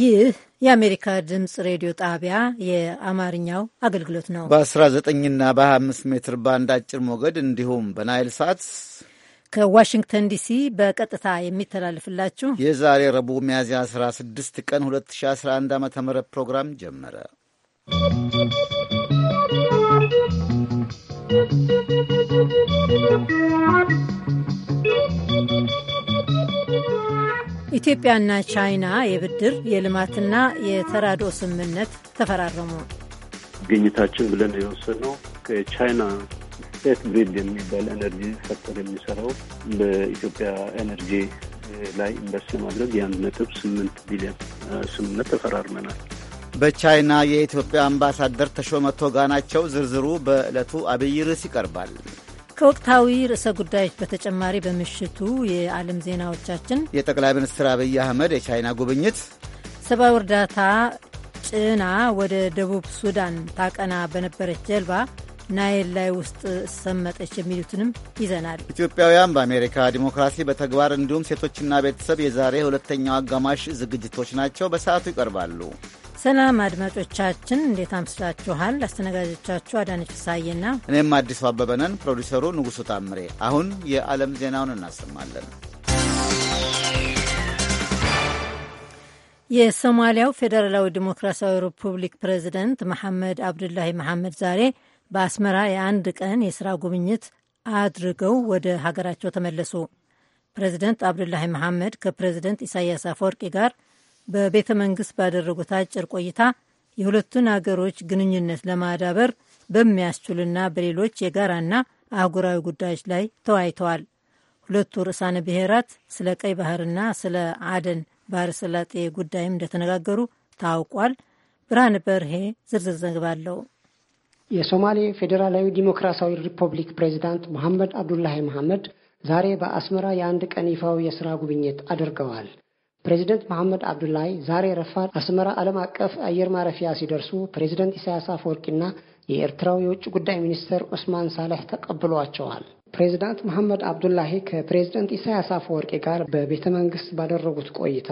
ይህ የአሜሪካ ድምፅ ሬዲዮ ጣቢያ የአማርኛው አገልግሎት ነው። በ19ና በ25 ሜትር ባንድ አጭር ሞገድ እንዲሁም በናይል ሳት ከዋሽንግተን ዲሲ በቀጥታ የሚተላለፍላችሁ የዛሬ ረቡዕ ሚያዝያ 16 ቀን 2011 ዓ ም ፕሮግራም ጀመረ። ¶¶ ኢትዮጵያና ቻይና የብድር የልማትና የተራድኦ ስምምነት ተፈራረሙ። ግኝታችን ብለን የወሰነው ከቻይና ስቴት ግሪድ የሚባል ኤነርጂ ሰክተር የሚሰራው በኢትዮጵያ ኤነርጂ ላይ ኢንቨስት ለማድረግ የአንድ ነጥብ ስምንት ቢሊዮን ስምምነት ተፈራርመናል። በቻይና የኢትዮጵያ አምባሳደር ተሾመ ቶጋ ናቸው። ዝርዝሩ በዕለቱ አብይ ርዕስ ይቀርባል። ከወቅታዊ ርዕሰ ጉዳዮች በተጨማሪ በምሽቱ የዓለም ዜናዎቻችን የጠቅላይ ሚኒስትር አብይ አህመድ የቻይና ጉብኝት፣ ሰብአዊ እርዳታ ጭና ወደ ደቡብ ሱዳን ታቀና በነበረች ጀልባ ናይል ላይ ውስጥ ሰመጠች የሚሉትንም ይዘናል። ኢትዮጵያውያን በአሜሪካ ዲሞክራሲ በተግባር እንዲሁም ሴቶችና ቤተሰብ የዛሬ ሁለተኛው አጋማሽ ዝግጅቶች ናቸው። በሰዓቱ ይቀርባሉ። ሰላም አድማጮቻችን፣ እንዴት አምስታችኋል? አስተናጋጆቻችሁ አዳነች ሳዬና እኔም አዲሱ አበበነን። ፕሮዲሰሩ ንጉሱ ታምሬ። አሁን የዓለም ዜናውን እናሰማለን። የሶማሊያው ፌዴራላዊ ዲሞክራሲያዊ ሪፑብሊክ ፕሬዚደንት መሐመድ አብዱላሂ መሐመድ ዛሬ በአስመራ የአንድ ቀን የሥራ ጉብኝት አድርገው ወደ ሀገራቸው ተመለሱ። ፕሬዚደንት አብዱላሂ መሐመድ ከፕሬዚደንት ኢሳያስ አፈወርቂ ጋር በቤተ መንግስት ባደረጉት አጭር ቆይታ የሁለቱን አገሮች ግንኙነት ለማዳበር በሚያስችሉና በሌሎች የጋራና አህጉራዊ ጉዳዮች ላይ ተወያይተዋል። ሁለቱ ርዕሳነ ብሔራት ስለ ቀይ ባህርና ስለ አደን ባህረ ሰላጤ ጉዳይም እንደተነጋገሩ ታውቋል። ብርሃን በርሄ ዝርዝር ዘገባ አለው። የሶማሌ ፌዴራላዊ ዲሞክራሲያዊ ሪፐብሊክ ፕሬዚዳንት መሐመድ አብዱላሂ መሐመድ ዛሬ በአስመራ የአንድ ቀን ይፋዊ የሥራ ጉብኝት አድርገዋል። ፕሬዚደንት መሐመድ አብዱላሂ ዛሬ ረፋድ አስመራ ዓለም አቀፍ አየር ማረፊያ ሲደርሱ ፕሬዚደንት ኢሳያስ አፈወርቂና የኤርትራው የውጭ ጉዳይ ሚኒስትር ዑስማን ሳሌሕ ተቀብሏቸዋል። ፕሬዚዳንት መሐመድ አብዱላሂ ከፕሬዚደንት ኢሳያስ አፈወርቂ ጋር በቤተ መንግስት ባደረጉት ቆይታ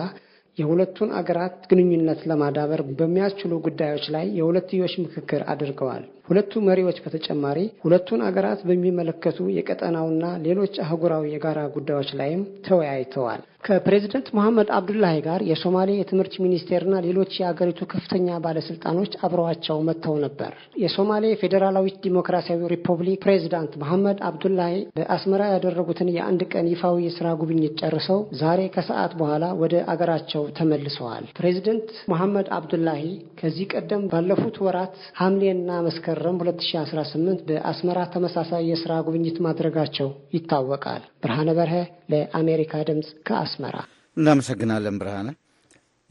የሁለቱን አገራት ግንኙነት ለማዳበር በሚያስችሉ ጉዳዮች ላይ የሁለትዮሽ ምክክር አድርገዋል። ሁለቱ መሪዎች በተጨማሪ ሁለቱን አገራት በሚመለከቱ የቀጠናውና ሌሎች አህጉራዊ የጋራ ጉዳዮች ላይም ተወያይተዋል። ከፕሬዝደንት መሐመድ አብዱላሂ ጋር የሶማሌ የትምህርት ሚኒስቴርና ሌሎች የአገሪቱ ከፍተኛ ባለስልጣኖች አብረዋቸው መጥተው ነበር። የሶማሌ ፌዴራላዊት ዲሞክራሲያዊ ሪፐብሊክ ፕሬዚዳንት መሐመድ አብዱላሂ በአስመራ ያደረጉትን የአንድ ቀን ይፋዊ የስራ ጉብኝት ጨርሰው ዛሬ ከሰዓት በኋላ ወደ አገራቸው ተመልሰዋል። ፕሬዚደንት መሐመድ አብዱላሂ ከዚህ ቀደም ባለፉት ወራት ሐምሌና መስከረም መስከረም 2018 በአስመራ ተመሳሳይ የስራ ጉብኝት ማድረጋቸው ይታወቃል። ብርሃነ በርሀ ለአሜሪካ ድምፅ ከአስመራ እናመሰግናለን። ብርሃነ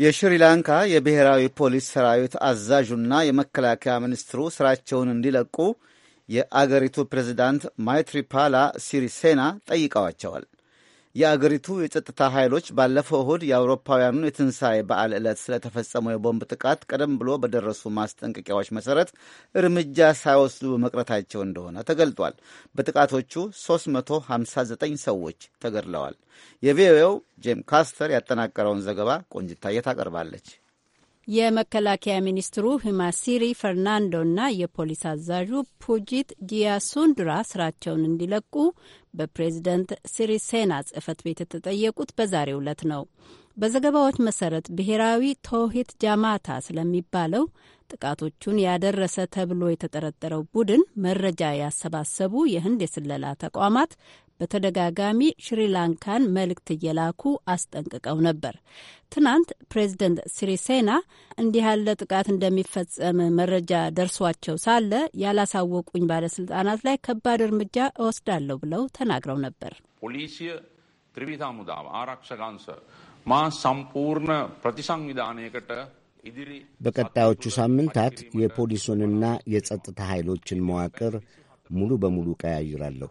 የሽሪላንካ የብሔራዊ ፖሊስ ሰራዊት አዛዡና የመከላከያ ሚኒስትሩ ስራቸውን እንዲለቁ የአገሪቱ ፕሬዚዳንት ማይትሪፓላ ሲሪሴና ጠይቀዋቸዋል። የአገሪቱ የጸጥታ ኃይሎች ባለፈው እሁድ የአውሮፓውያኑን የትንሣኤ በዓል ዕለት ስለተፈጸመው የቦምብ ጥቃት ቀደም ብሎ በደረሱ ማስጠንቀቂያዎች መሠረት እርምጃ ሳይወስዱ በመቅረታቸው እንደሆነ ተገልጧል። በጥቃቶቹ 359 ሰዎች ተገድለዋል። የቪኦኤው ጄም ካስተር ያጠናቀረውን ዘገባ ቆንጅታየ ታቀርባለች። የመከላከያ ሚኒስትሩ ሂማሲሪ ፈርናንዶና የፖሊስ አዛዡ ፑጂት ጂያሱንድራ ስራቸውን እንዲለቁ በፕሬዝደንት ሲሪሴና ጽህፈት ቤት የተጠየቁት በዛሬው ዕለት ነው። በዘገባዎች መሰረት ብሔራዊ ተውሂት ጃማታ ስለሚባለው ጥቃቶቹን ያደረሰ ተብሎ የተጠረጠረው ቡድን መረጃ ያሰባሰቡ የህንድ የስለላ ተቋማት በተደጋጋሚ ሽሪላንካን መልእክት እየላኩ አስጠንቅቀው ነበር። ትናንት ፕሬዚደንት ሲሪሴና እንዲህ ያለ ጥቃት እንደሚፈጸም መረጃ ደርሷቸው ሳለ ያላሳወቁኝ ባለስልጣናት ላይ ከባድ እርምጃ እወስዳለሁ ብለው ተናግረው ነበር። በቀጣዮቹ ሳምንታት የፖሊሱንና የጸጥታ ኃይሎችን መዋቅር ሙሉ በሙሉ ቀያይራለሁ።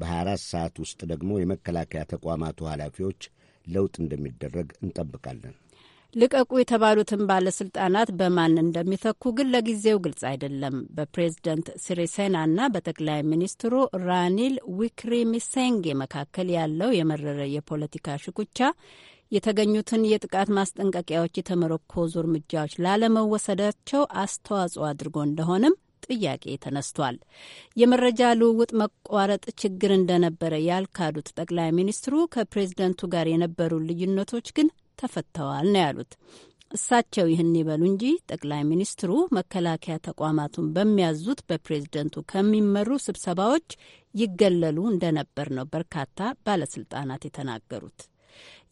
በ24 ሰዓት ውስጥ ደግሞ የመከላከያ ተቋማቱ ኃላፊዎች ለውጥ እንደሚደረግ እንጠብቃለን። ልቀቁ የተባሉትን ባለስልጣናት በማን እንደሚተኩ ግን ለጊዜው ግልጽ አይደለም። በፕሬዝደንት ሲሪሴናና በጠቅላይ ሚኒስትሩ ራኒል ዊክሪሚሴንጌ መካከል ያለው የመረረ የፖለቲካ ሽኩቻ የተገኙትን የጥቃት ማስጠንቀቂያዎች የተመረኮዙ እርምጃዎች ላለመወሰዳቸው አስተዋጽኦ አድርጎ እንደሆነም ጥያቄ ተነስቷል። የመረጃ ልውውጥ መቋረጥ ችግር እንደነበረ ያልካዱት ጠቅላይ ሚኒስትሩ ከፕሬዝደንቱ ጋር የነበሩ ልዩነቶች ግን ተፈተዋል ነው ያሉት። እሳቸው ይህን ይበሉ እንጂ ጠቅላይ ሚኒስትሩ መከላከያ ተቋማቱን በሚያዙት በፕሬዝደንቱ ከሚመሩ ስብሰባዎች ይገለሉ እንደነበር ነው በርካታ ባለስልጣናት የተናገሩት።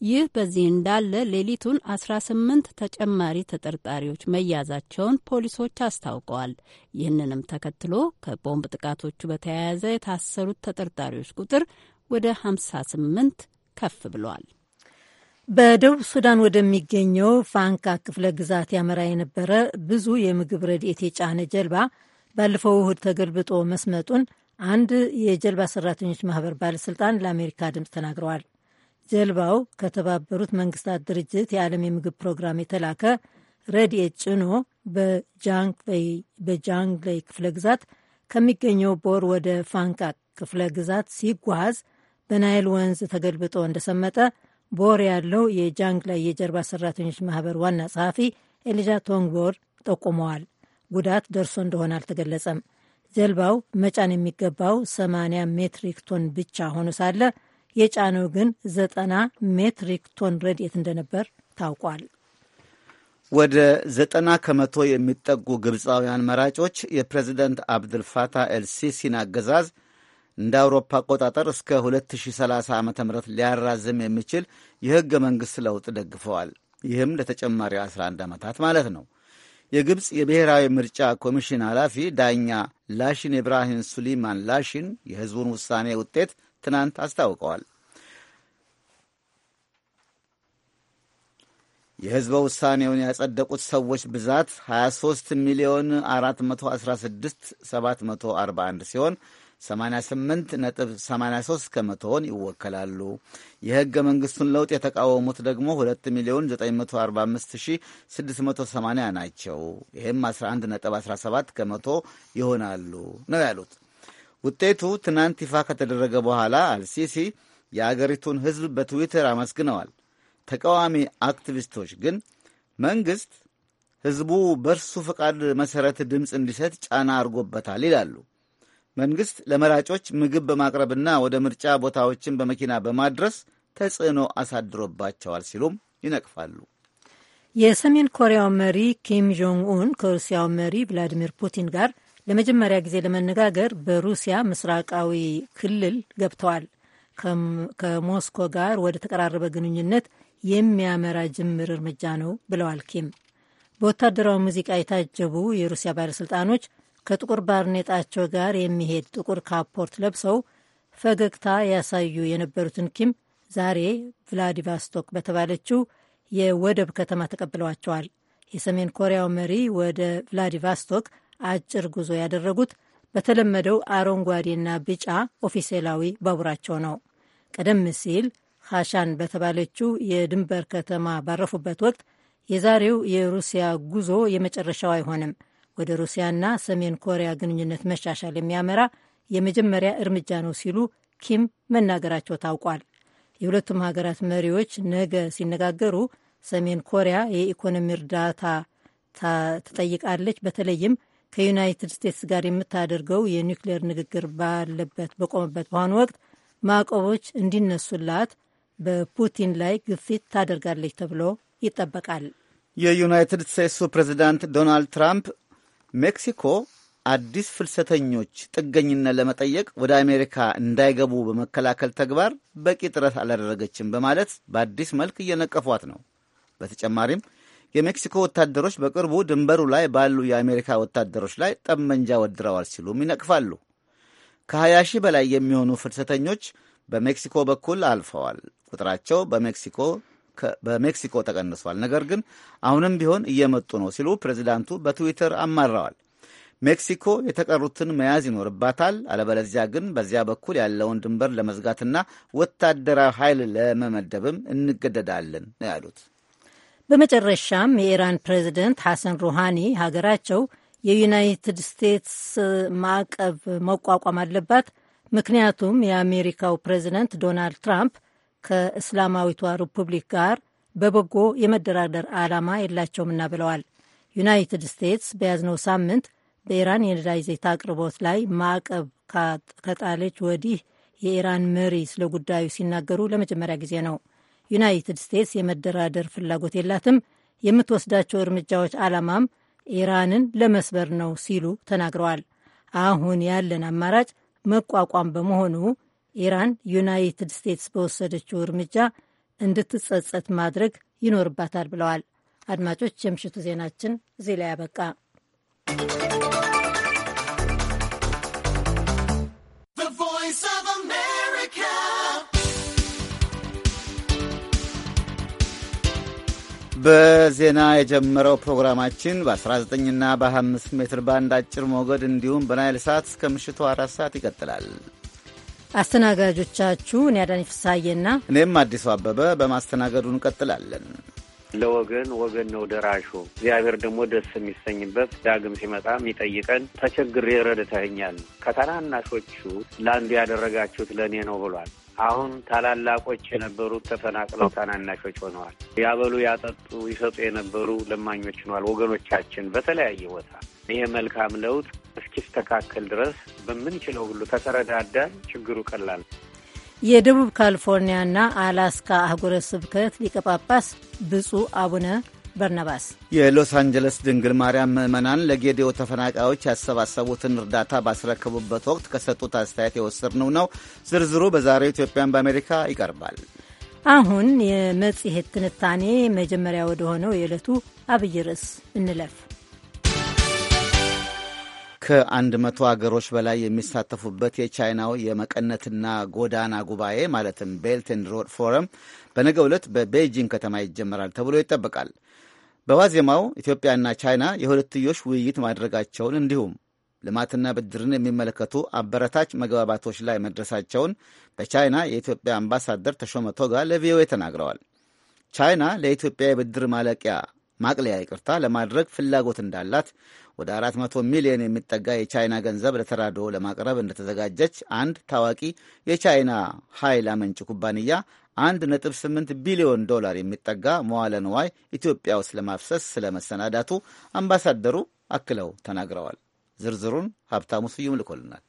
ይህ በዚህ እንዳለ ሌሊቱን 18 ተጨማሪ ተጠርጣሪዎች መያዛቸውን ፖሊሶች አስታውቀዋል። ይህንንም ተከትሎ ከቦምብ ጥቃቶቹ በተያያዘ የታሰሩት ተጠርጣሪዎች ቁጥር ወደ 58 ከፍ ብሏል። በደቡብ ሱዳን ወደሚገኘው ፋንካ ክፍለ ግዛት ያመራ የነበረ ብዙ የምግብ ረድኤት የጫነ ጀልባ ባለፈው እሁድ ተገልብጦ መስመጡን አንድ የጀልባ ሰራተኞች ማህበር ባለስልጣን ለአሜሪካ ድምፅ ተናግረዋል። ጀልባው ከተባበሩት መንግስታት ድርጅት የዓለም የምግብ ፕሮግራም የተላከ ረድኤት ጭኖ በጃንግሌይ ክፍለ ግዛት ከሚገኘው ቦር ወደ ፋንካ ክፍለ ግዛት ሲጓዝ በናይል ወንዝ ተገልብጦ እንደሰመጠ ቦር ያለው የጃንግላይ የጀርባ ሰራተኞች ማህበር ዋና ጸሐፊ ኤልጃ ቶንግቦር ጠቁመዋል። ጉዳት ደርሶ እንደሆነ አልተገለጸም። ጀልባው መጫን የሚገባው 80 ሜትሪክ ቶን ብቻ ሆኖ ሳለ የጫነው ግን ዘጠና ሜትሪክ ቶን ረድኤት እንደነበር ታውቋል። ወደ ዘጠና ከመቶ የሚጠጉ ግብፃውያን መራጮች የፕሬዚደንት አብድልፋታህ ኤልሲሲን አገዛዝ እንደ አውሮፓ አቆጣጠር እስከ 2030 ዓ ም ሊያራዝም የሚችል የሕገ መንግሥት ለውጥ ደግፈዋል። ይህም ለተጨማሪ 11 ዓመታት ማለት ነው። የግብፅ የብሔራዊ ምርጫ ኮሚሽን ኃላፊ ዳኛ ላሽን ኢብራሂም ሱሊማን ላሽን የሕዝቡን ውሳኔ ውጤት ትናንት አስታውቀዋል። የሕዝበ ውሳኔውን ያጸደቁት ሰዎች ብዛት 23 ሚሊዮን 416 741 ሲሆን 88 ነጥብ 83 ከመቶውን ይወከላሉ። የሕገ መንግሥቱን ለውጥ የተቃወሙት ደግሞ 2 ሚሊዮን 945680 ናቸው። ይህም 11 ነጥብ 17 ከመቶ ይሆናሉ ነው ያሉት። ውጤቱ ትናንት ይፋ ከተደረገ በኋላ አልሲሲ የአገሪቱን ሕዝብ በትዊተር አመስግነዋል። ተቃዋሚ አክቲቪስቶች ግን መንግሥት ሕዝቡ በእርሱ ፈቃድ መሠረት ድምፅ እንዲሰጥ ጫና አድርጎበታል ይላሉ። መንግሥት ለመራጮች ምግብ በማቅረብና ወደ ምርጫ ቦታዎችን በመኪና በማድረስ ተጽዕኖ አሳድሮባቸዋል ሲሉም ይነቅፋሉ። የሰሜን ኮሪያው መሪ ኪም ጆንግ ኡን ከሩሲያው መሪ ቭላዲሚር ፑቲን ጋር ለመጀመሪያ ጊዜ ለመነጋገር በሩሲያ ምስራቃዊ ክልል ገብተዋል። ከሞስኮ ጋር ወደ ተቀራረበ ግንኙነት የሚያመራ ጅምር እርምጃ ነው ብለዋል ኪም። በወታደራዊ ሙዚቃ የታጀቡ የሩሲያ ባለሥልጣኖች ከጥቁር ባርኔጣቸው ጋር የሚሄድ ጥቁር ካፖርት ለብሰው ፈገግታ ያሳዩ የነበሩትን ኪም ዛሬ ቭላዲቫስቶክ በተባለችው የወደብ ከተማ ተቀብለዋቸዋል። የሰሜን ኮሪያው መሪ ወደ ቭላዲቫስቶክ አጭር ጉዞ ያደረጉት በተለመደው አረንጓዴና ቢጫ ኦፊሴላዊ ባቡራቸው ነው። ቀደም ሲል ካሻን በተባለችው የድንበር ከተማ ባረፉበት ወቅት የዛሬው የሩሲያ ጉዞ የመጨረሻው አይሆንም፣ ወደ ሩሲያና ሰሜን ኮሪያ ግንኙነት መሻሻል የሚያመራ የመጀመሪያ እርምጃ ነው ሲሉ ኪም መናገራቸው ታውቋል። የሁለቱም ሀገራት መሪዎች ነገ ሲነጋገሩ ሰሜን ኮሪያ የኢኮኖሚ እርዳታ ትጠይቃለች። በተለይም ከዩናይትድ ስቴትስ ጋር የምታደርገው የኒውክሌር ንግግር ባለበት በቆመበት በአሁኑ ወቅት ማዕቀቦች እንዲነሱላት በፑቲን ላይ ግፊት ታደርጋለች ተብሎ ይጠበቃል። የዩናይትድ ስቴትሱ ፕሬዚዳንት ዶናልድ ትራምፕ ሜክሲኮ አዲስ ፍልሰተኞች ጥገኝነት ለመጠየቅ ወደ አሜሪካ እንዳይገቡ በመከላከል ተግባር በቂ ጥረት አላደረገችም በማለት በአዲስ መልክ እየነቀፏት ነው። በተጨማሪም የሜክሲኮ ወታደሮች በቅርቡ ድንበሩ ላይ ባሉ የአሜሪካ ወታደሮች ላይ ጠመንጃ ወድረዋል ሲሉም ይነቅፋሉ። ከ20 ሺህ በላይ የሚሆኑ ፍልሰተኞች በሜክሲኮ በኩል አልፈዋል። ቁጥራቸው በሜክሲኮ በሜክሲኮ ተቀንሷል፣ ነገር ግን አሁንም ቢሆን እየመጡ ነው ሲሉ ፕሬዚዳንቱ በትዊተር አማረዋል። ሜክሲኮ የተቀሩትን መያዝ ይኖርባታል፣ አለበለዚያ ግን በዚያ በኩል ያለውን ድንበር ለመዝጋትና ወታደራዊ ኃይል ለመመደብም እንገደዳለን ነው ያሉት። በመጨረሻም የኢራን ፕሬዚደንት ሐሰን ሩሃኒ ሀገራቸው የዩናይትድ ስቴትስ ማዕቀብ መቋቋም አለባት፣ ምክንያቱም የአሜሪካው ፕሬዚደንት ዶናልድ ትራምፕ ከእስላማዊቷ ሪፑብሊክ ጋር በበጎ የመደራደር ዓላማ የላቸውምና ብለዋል። ዩናይትድ ስቴትስ በያዝነው ሳምንት በኢራን የነዳጅ ዘይት አቅርቦት ላይ ማዕቀብ ከጣለች ወዲህ የኢራን መሪ ስለ ጉዳዩ ሲናገሩ ለመጀመሪያ ጊዜ ነው። ዩናይትድ ስቴትስ የመደራደር ፍላጎት የላትም፣ የምትወስዳቸው እርምጃዎች ዓላማም ኢራንን ለመስበር ነው ሲሉ ተናግረዋል። አሁን ያለን አማራጭ መቋቋም በመሆኑ ኢራን ዩናይትድ ስቴትስ በወሰደችው እርምጃ እንድትጸጸት ማድረግ ይኖርባታል ብለዋል። አድማጮች፣ የምሽቱ ዜናችን እዚህ ላይ ያበቃ። በዜና የጀመረው ፕሮግራማችን በ19ና በ 5 ሜትር ባንድ አጭር ሞገድ እንዲሁም በናይል ሰዓት እስከ ምሽቱ አራት ሰዓት ይቀጥላል። አስተናጋጆቻችሁ እኔ አዳነች ፍስሐዬና እኔም አዲሱ አበበ በማስተናገዱ እንቀጥላለን። ለወገን ወገን ነው ደራሹ። እግዚአብሔር ደግሞ ደስ የሚሰኝበት ዳግም ሲመጣ የሚጠይቀን ተቸግሬ ረድተኸኛል፣ ከታናናሾቹ ለአንዱ ያደረጋችሁት ለእኔ ነው ብሏል። አሁን ታላላቆች የነበሩት ተፈናቅለው ታናናሾች ሆነዋል። ያበሉ ያጠጡ፣ ይሰጡ የነበሩ ለማኞች ሆነዋል። ወገኖቻችን በተለያየ ቦታ ይሄ መልካም ለውጥ እስኪስተካከል ድረስ በምንችለው ሁሉ ከተረዳዳን ችግሩ ቀላል። የደቡብ ካሊፎርኒያና አላስካ አህጉረ ስብከት ሊቀ ጳጳስ ብፁዕ አቡነ በርናባስ የሎስ አንጀለስ ድንግል ማርያም ምዕመናን ለጌዲዮ ተፈናቃዮች ያሰባሰቡትን እርዳታ ባስረከቡበት ወቅት ከሰጡት አስተያየት የወሰድነው ነው። ዝርዝሩ በዛሬው ኢትዮጵያን በአሜሪካ ይቀርባል። አሁን የመጽሔት ትንታኔ መጀመሪያ ወደ ሆነው የዕለቱ አብይ ርዕስ እንለፍ። ከአንድ መቶ ሀገሮች በላይ የሚሳተፉበት የቻይናው የመቀነትና ጎዳና ጉባኤ ማለትም ቤልትን ሮድ ፎረም በነገ ዕለት በቤይጂንግ ከተማ ይጀመራል ተብሎ ይጠበቃል። በዋዜማው ኢትዮጵያና ቻይና የሁለትዮሽ ውይይት ማድረጋቸውን እንዲሁም ልማትና ብድርን የሚመለከቱ አበረታች መግባባቶች ላይ መድረሳቸውን በቻይና የኢትዮጵያ አምባሳደር ተሾመ ቶጋ ለቪኦኤ ተናግረዋል። ቻይና ለኢትዮጵያ የብድር ማለቂያ ማቅለያ ይቅርታ ለማድረግ ፍላጎት እንዳላት ወደ 400 ሚሊዮን የሚጠጋ የቻይና ገንዘብ ለተራድኦ ለማቅረብ እንደተዘጋጀች አንድ ታዋቂ የቻይና ኃይል አመንጭ ኩባንያ 1.8 ቢሊዮን ዶላር የሚጠጋ መዋለ ንዋይ ኢትዮጵያ ውስጥ ለማፍሰስ ስለ መሰናዳቱ አምባሳደሩ አክለው ተናግረዋል። ዝርዝሩን ሀብታሙ ስዩም ልኮልናል።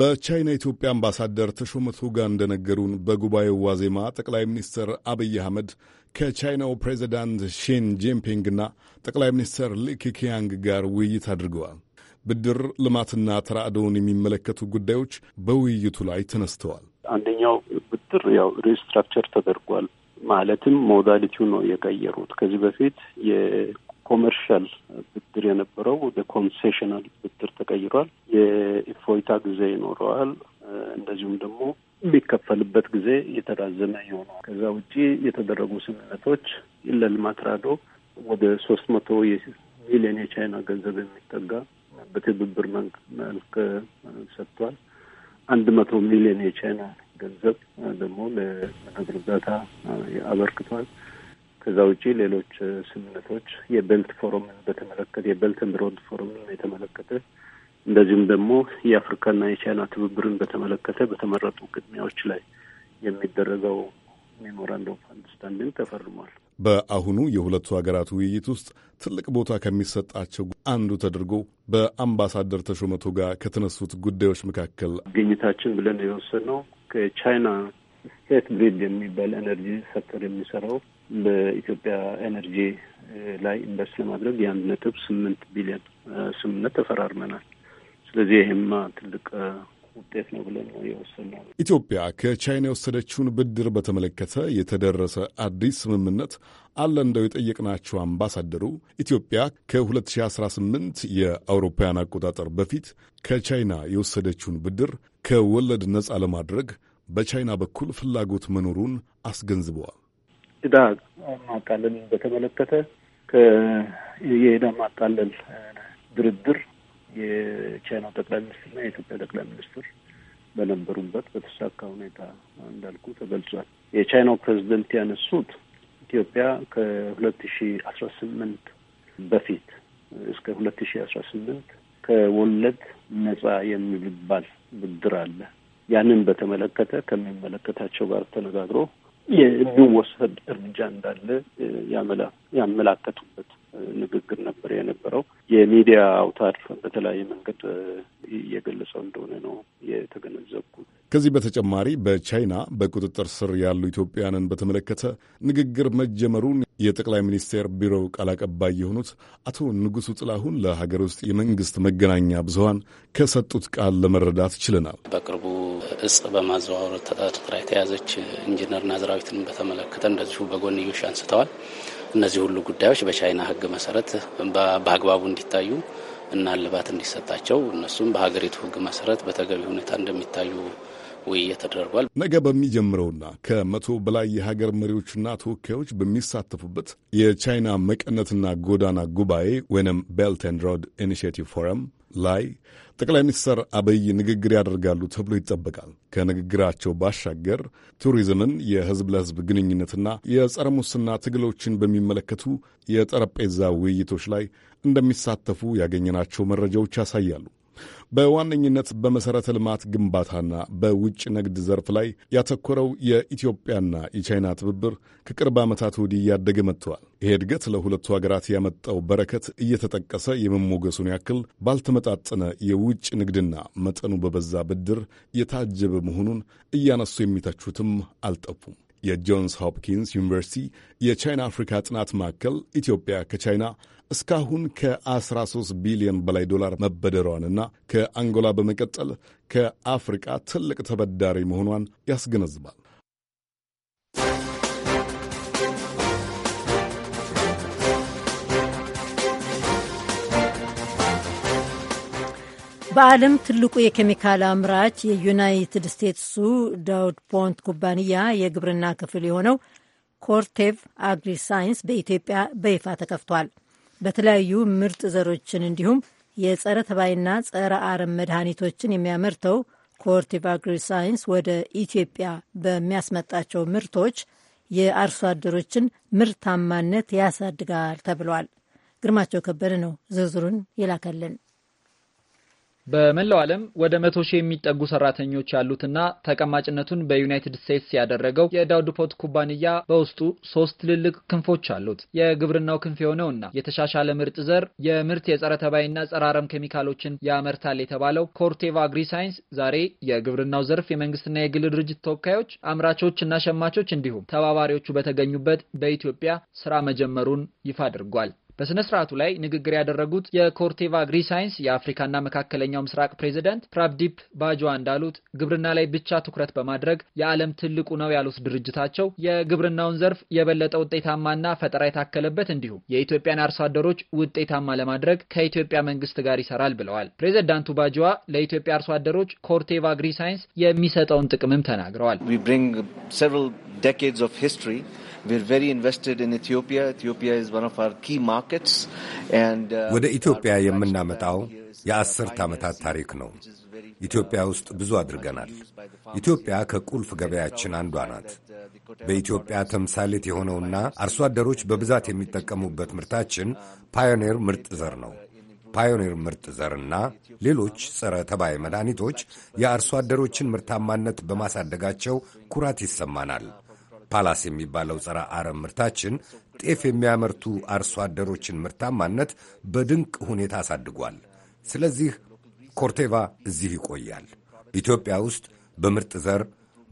በቻይና ኢትዮጵያ አምባሳደር ተሾመ ቶጋ እንደነገሩን በጉባኤው ዋዜማ ጠቅላይ ሚኒስትር አብይ አህመድ ከቻይናው ፕሬዚዳንት ሺን ጂንፒንግና ጠቅላይ ሚኒስትር ሊኪኪያንግ ጋር ውይይት አድርገዋል። ብድር ልማትና ተራድኦን የሚመለከቱ ጉዳዮች በውይይቱ ላይ ተነስተዋል። አንደኛው ብድር ያው ሪስትራክቸር ተደርጓል። ማለትም ሞዳሊቲው ነው የቀየሩት። ከዚህ በፊት የኮመርሻል ብድር የነበረው ወደ ኮንሴሽናል ብድር ተቀይሯል። የኢፎይታ ጊዜ ይኖረዋል። እንደዚሁም ደግሞ የሚከፈልበት ጊዜ የተራዘመ የሆነ ከዛ ውጪ የተደረጉ ስምምነቶች ለልማት ራዶ ወደ ሶስት መቶ ሚሊዮን የቻይና ገንዘብ የሚጠጋ በትብብር መልክ ሰጥቷል። አንድ መቶ ሚሊዮን የቻይና ገንዘብ ደግሞ ለምግብ እርዳታ አበርክቷል። ከዛ ውጪ ሌሎች ስምምነቶች የቤልት ፎረምን በተመለከተ የቤልት ኤንድ ሮድ ፎረምን የተመለከተ እንደዚሁም ደግሞ የአፍሪካና የቻይና ትብብርን በተመለከተ በተመረጡ ቅድሚያዎች ላይ የሚደረገው ሜሞራንደም ኦፍ አንደርስታንዲንግ ተፈርሟል። በአሁኑ የሁለቱ ሀገራት ውይይት ውስጥ ትልቅ ቦታ ከሚሰጣቸው አንዱ ተደርጎ በአምባሳደር ተሾመ ቶጋ ከተነሱት ጉዳዮች መካከል ግኝታችን ብለን የወሰነው ከቻይና ስቴት ግሪድ የሚባል ኤነርጂ ሰክተር የሚሰራው በኢትዮጵያ ኤነርጂ ላይ ኢንቨስት ለማድረግ የአንድ ነጥብ ስምንት ቢሊዮን ስምምነት ተፈራርመናል። ስለዚህ ይህም ትልቅ ውጤት ነው ብለን ነው የወሰነው። ኢትዮጵያ ከቻይና የወሰደችውን ብድር በተመለከተ የተደረሰ አዲስ ስምምነት አለ እንደው የጠየቅናቸው አምባሳደሩ ኢትዮጵያ ከ2018 የአውሮፓውያን አቆጣጠር በፊት ከቻይና የወሰደችውን ብድር ከወለድ ነጻ ለማድረግ በቻይና በኩል ፍላጎት መኖሩን አስገንዝበዋል። እዳ ማቃለልን በተመለከተ የዕዳ ማቃለል ድርድር የቻይና ጠቅላይ ሚኒስትርና የኢትዮጵያ ጠቅላይ ሚኒስትር በነበሩበት በተሳካ ሁኔታ እንዳልኩ ተገልጿል። የቻይናው ፕሬዚደንት ያነሱት ኢትዮጵያ ከሁለት ሺ አስራ ስምንት በፊት እስከ ሁለት ሺ አስራ ስምንት ከወለድ ነጻ የሚባል ብድር አለ። ያንን በተመለከተ ከሚመለከታቸው ጋር ተነጋግሮ የሚወሰድ እርምጃ እንዳለ ያመላከቱበት ንግግር ነበር የነበረው። የሚዲያ አውታር በተለያየ መንገድ እየገለጸው እንደሆነ ነው የተገነዘብኩት። ከዚህ በተጨማሪ በቻይና በቁጥጥር ስር ያሉ ኢትዮጵያውያንን በተመለከተ ንግግር መጀመሩን የጠቅላይ ሚኒስቴር ቢሮ ቃል አቀባይ የሆኑት አቶ ንጉሱ ጥላሁን ለሀገር ውስጥ የመንግስት መገናኛ ብዙሀን ከሰጡት ቃል ለመረዳት ችለናል። በቅርቡ እጽ በማዘዋወር ተጠርጥራ የተያዘች ኢንጂነር ናዝራዊትን በተመለከተ እንደዚሁ በጎንዮሽ አንስተዋል። እነዚህ ሁሉ ጉዳዮች በቻይና ህግ መሰረት በአግባቡ እንዲታዩ እና እልባት እንዲሰጣቸው እነሱም በሀገሪቱ ህግ መሰረት በተገቢ ሁኔታ እንደሚታዩ ውይይት ተደርጓል። ነገ በሚጀምረውና ከመቶ በላይ የሀገር መሪዎችና ተወካዮች በሚሳተፉበት የቻይና መቀነትና ጎዳና ጉባኤ ወይም ቤልት ኤንድ ሮድ ኢኒሽቲቭ ፎረም ላይ ጠቅላይ ሚኒስትር አብይ ንግግር ያደርጋሉ ተብሎ ይጠበቃል። ከንግግራቸው ባሻገር ቱሪዝምን፣ የህዝብ ለህዝብ ግንኙነትና የጸረ ሙስና ትግሎችን በሚመለከቱ የጠረጴዛ ውይይቶች ላይ እንደሚሳተፉ ያገኘናቸው መረጃዎች ያሳያሉ። በዋነኝነት በመሠረተ ልማት ግንባታና በውጭ ንግድ ዘርፍ ላይ ያተኮረው የኢትዮጵያና የቻይና ትብብር ከቅርብ ዓመታት ወዲህ እያደገ መጥተዋል። ይሄ እድገት ለሁለቱ ሀገራት ያመጣው በረከት እየተጠቀሰ የመሞገሱን ያክል ባልተመጣጠነ የውጭ ንግድና መጠኑ በበዛ ብድር የታጀበ መሆኑን እያነሱ የሚተቹትም አልጠፉም። የጆንስ ሆፕኪንስ ዩኒቨርሲቲ የቻይና አፍሪካ ጥናት ማዕከል ኢትዮጵያ ከቻይና እስካሁን ከ13 ቢሊዮን በላይ ዶላር መበደሯንና ከአንጎላ በመቀጠል ከአፍሪቃ ትልቅ ተበዳሪ መሆኗን ያስገነዝባል። በዓለም ትልቁ የኬሚካል አምራች የዩናይትድ ስቴትሱ ዳውድ ፖንት ኩባንያ የግብርና ክፍል የሆነው ኮርቴቭ አግሪ ሳይንስ በኢትዮጵያ በይፋ ተከፍቷል። በተለያዩ ምርጥ ዘሮችን እንዲሁም የጸረ ተባይና ጸረ አረም መድኃኒቶችን የሚያመርተው ኮርቴቭ አግሪ ሳይንስ ወደ ኢትዮጵያ በሚያስመጣቸው ምርቶች የአርሶ አደሮችን ምርታማነት ያሳድጋል ተብሏል። ግርማቸው ከበደ ነው ዝርዝሩን ይላከልን። በመላው ዓለም ወደ መቶ ሺህ የሚጠጉ ሰራተኞች ያሉትና ተቀማጭነቱን በዩናይትድ ስቴትስ ያደረገው ፖት ኩባንያ በውስጡ ሶስት ትልልቅ ክንፎች አሉት። የግብርናው ክንፍ የሆነውና የተሻሻለ ምርጥ ዘር የምርት የጸረ ተባይና ጸረ አረም ኬሚካሎችን ያመርታል የተባለው ኮርቴቫ አግሪ ሳይንስ ዛሬ የግብርናው ዘርፍ የመንግስትና የግል ድርጅት ተወካዮች፣ አምራቾችና ሸማቾች እንዲሁም ተባባሪዎቹ በተገኙበት በኢትዮጵያ ስራ መጀመሩን ይፋ አድርጓል። በስነ ስርዓቱ ላይ ንግግር ያደረጉት የኮርቴቫ ሳይንስ የአፍሪካና መካከለኛው ምስራቅ ፕሬዚደንት ፕራብዲፕ ባጅዋ እንዳሉት ግብርና ላይ ብቻ ትኩረት በማድረግ የዓለም ትልቁ ነው ያሉት ድርጅታቸው የግብርናውን ዘርፍ የበለጠ ውጤታማና ፈጠራ የታከለበት እንዲሁም የኢትዮጵያን አርሶ አደሮች ውጤታማ ለማድረግ ከኢትዮጵያ መንግስት ጋር ይሰራል ብለዋል። ፕሬዚዳንቱ ባጅዋ ለኢትዮጵያ አርሶ አደሮች ኮርቴቫ ሳይንስ የሚሰጠውን ጥቅምም ተናግረዋል። Uh, ወደ ኢትዮጵያ የምናመጣው የአስርት ዓመታት ታሪክ ነው። ኢትዮጵያ uh, ውስጥ ብዙ አድርገናል። ኢትዮጵያ ከቁልፍ ገበያችን አንዷ ናት። uh, በኢትዮጵያ ተምሳሌት የሆነውና አርሶ አደሮች በብዛት የሚጠቀሙበት ምርታችን ፓዮኔር ምርጥ ዘር ነው። ፓዮኔር ምርጥ ዘርና ሌሎች ጸረ ተባይ መድኃኒቶች የአርሶ አደሮችን ምርታማነት በማሳደጋቸው ኩራት ይሰማናል። ፓላስ የሚባለው ጸረ አረም ምርታችን ጤፍ የሚያመርቱ አርሶ አደሮችን ምርታማነት በድንቅ ሁኔታ አሳድጓል። ስለዚህ ኮርቴቫ እዚህ ይቆያል። ኢትዮጵያ ውስጥ በምርጥ ዘር፣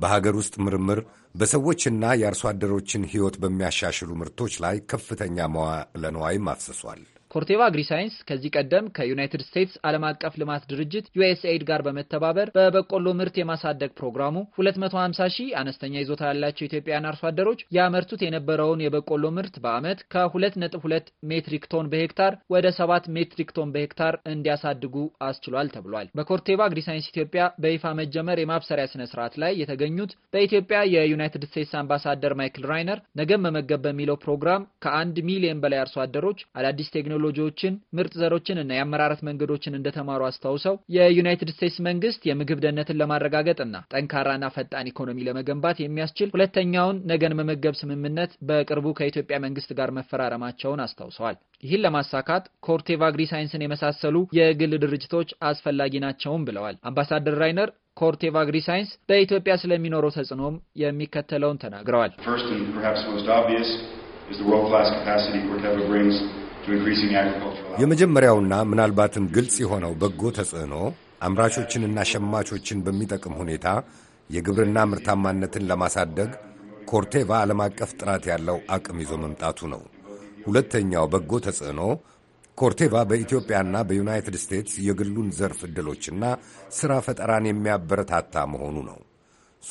በሀገር ውስጥ ምርምር፣ በሰዎችና የአርሶ አደሮችን ሕይወት በሚያሻሽሉ ምርቶች ላይ ከፍተኛ መዋዕለ ንዋይም አፍስሷል። ኮርቴቫ አግሪ ሳይንስ ከዚህ ቀደም ከዩናይትድ ስቴትስ ዓለም አቀፍ ልማት ድርጅት ዩኤስኤድ ጋር በመተባበር በበቆሎ ምርት የማሳደግ ፕሮግራሙ 250 ሺህ አነስተኛ ይዞታ ያላቸው ኢትዮጵያውያን አርሶ አደሮች ያመርቱት የነበረውን የበቆሎ ምርት በዓመት ከ2.2 ሜትሪክ ቶን በሄክታር ወደ 7 ሜትሪክ ቶን በሄክታር እንዲያሳድጉ አስችሏል ተብሏል። በኮርቴቫ አግሪ ሳይንስ ኢትዮጵያ በይፋ መጀመር የማብሰሪያ ስነ ስርዓት ላይ የተገኙት በኢትዮጵያ የዩናይትድ ስቴትስ አምባሳደር ማይክል ራይነር ነገም መመገብ በሚለው ፕሮግራም ከአንድ ሚሊዮን በላይ አርሶ አደሮች አዳዲስ ቴክኖ ቴክኖሎጂዎችን፣ ምርጥ ዘሮችን እና የአመራረት መንገዶችን እንደተማሩ አስታውሰው የዩናይትድ ስቴትስ መንግስት የምግብ ደህንነትን ለማረጋገጥና ጠንካራና ፈጣን ኢኮኖሚ ለመገንባት የሚያስችል ሁለተኛውን ነገን መመገብ ስምምነት በቅርቡ ከኢትዮጵያ መንግስት ጋር መፈራረማቸውን አስታውሰዋል። ይህን ለማሳካት ኮርቴቫግሪ አግሪ ሳይንስን የመሳሰሉ የግል ድርጅቶች አስፈላጊ ናቸውም ብለዋል አምባሳደር ራይነር። ኮርቴቭ አግሪ ሳይንስ በኢትዮጵያ ስለሚኖረው ተጽዕኖም የሚከተለውን ተናግረዋል። የመጀመሪያውና ምናልባትም ግልጽ የሆነው በጎ ተጽዕኖ አምራቾችንና ሸማቾችን በሚጠቅም ሁኔታ የግብርና ምርታማነትን ለማሳደግ ኮርቴቫ ዓለም አቀፍ ጥራት ያለው አቅም ይዞ መምጣቱ ነው። ሁለተኛው በጎ ተጽዕኖ ኮርቴቫ በኢትዮጵያና በዩናይትድ ስቴትስ የግሉን ዘርፍ ዕድሎችና ሥራ ፈጠራን የሚያበረታታ መሆኑ ነው።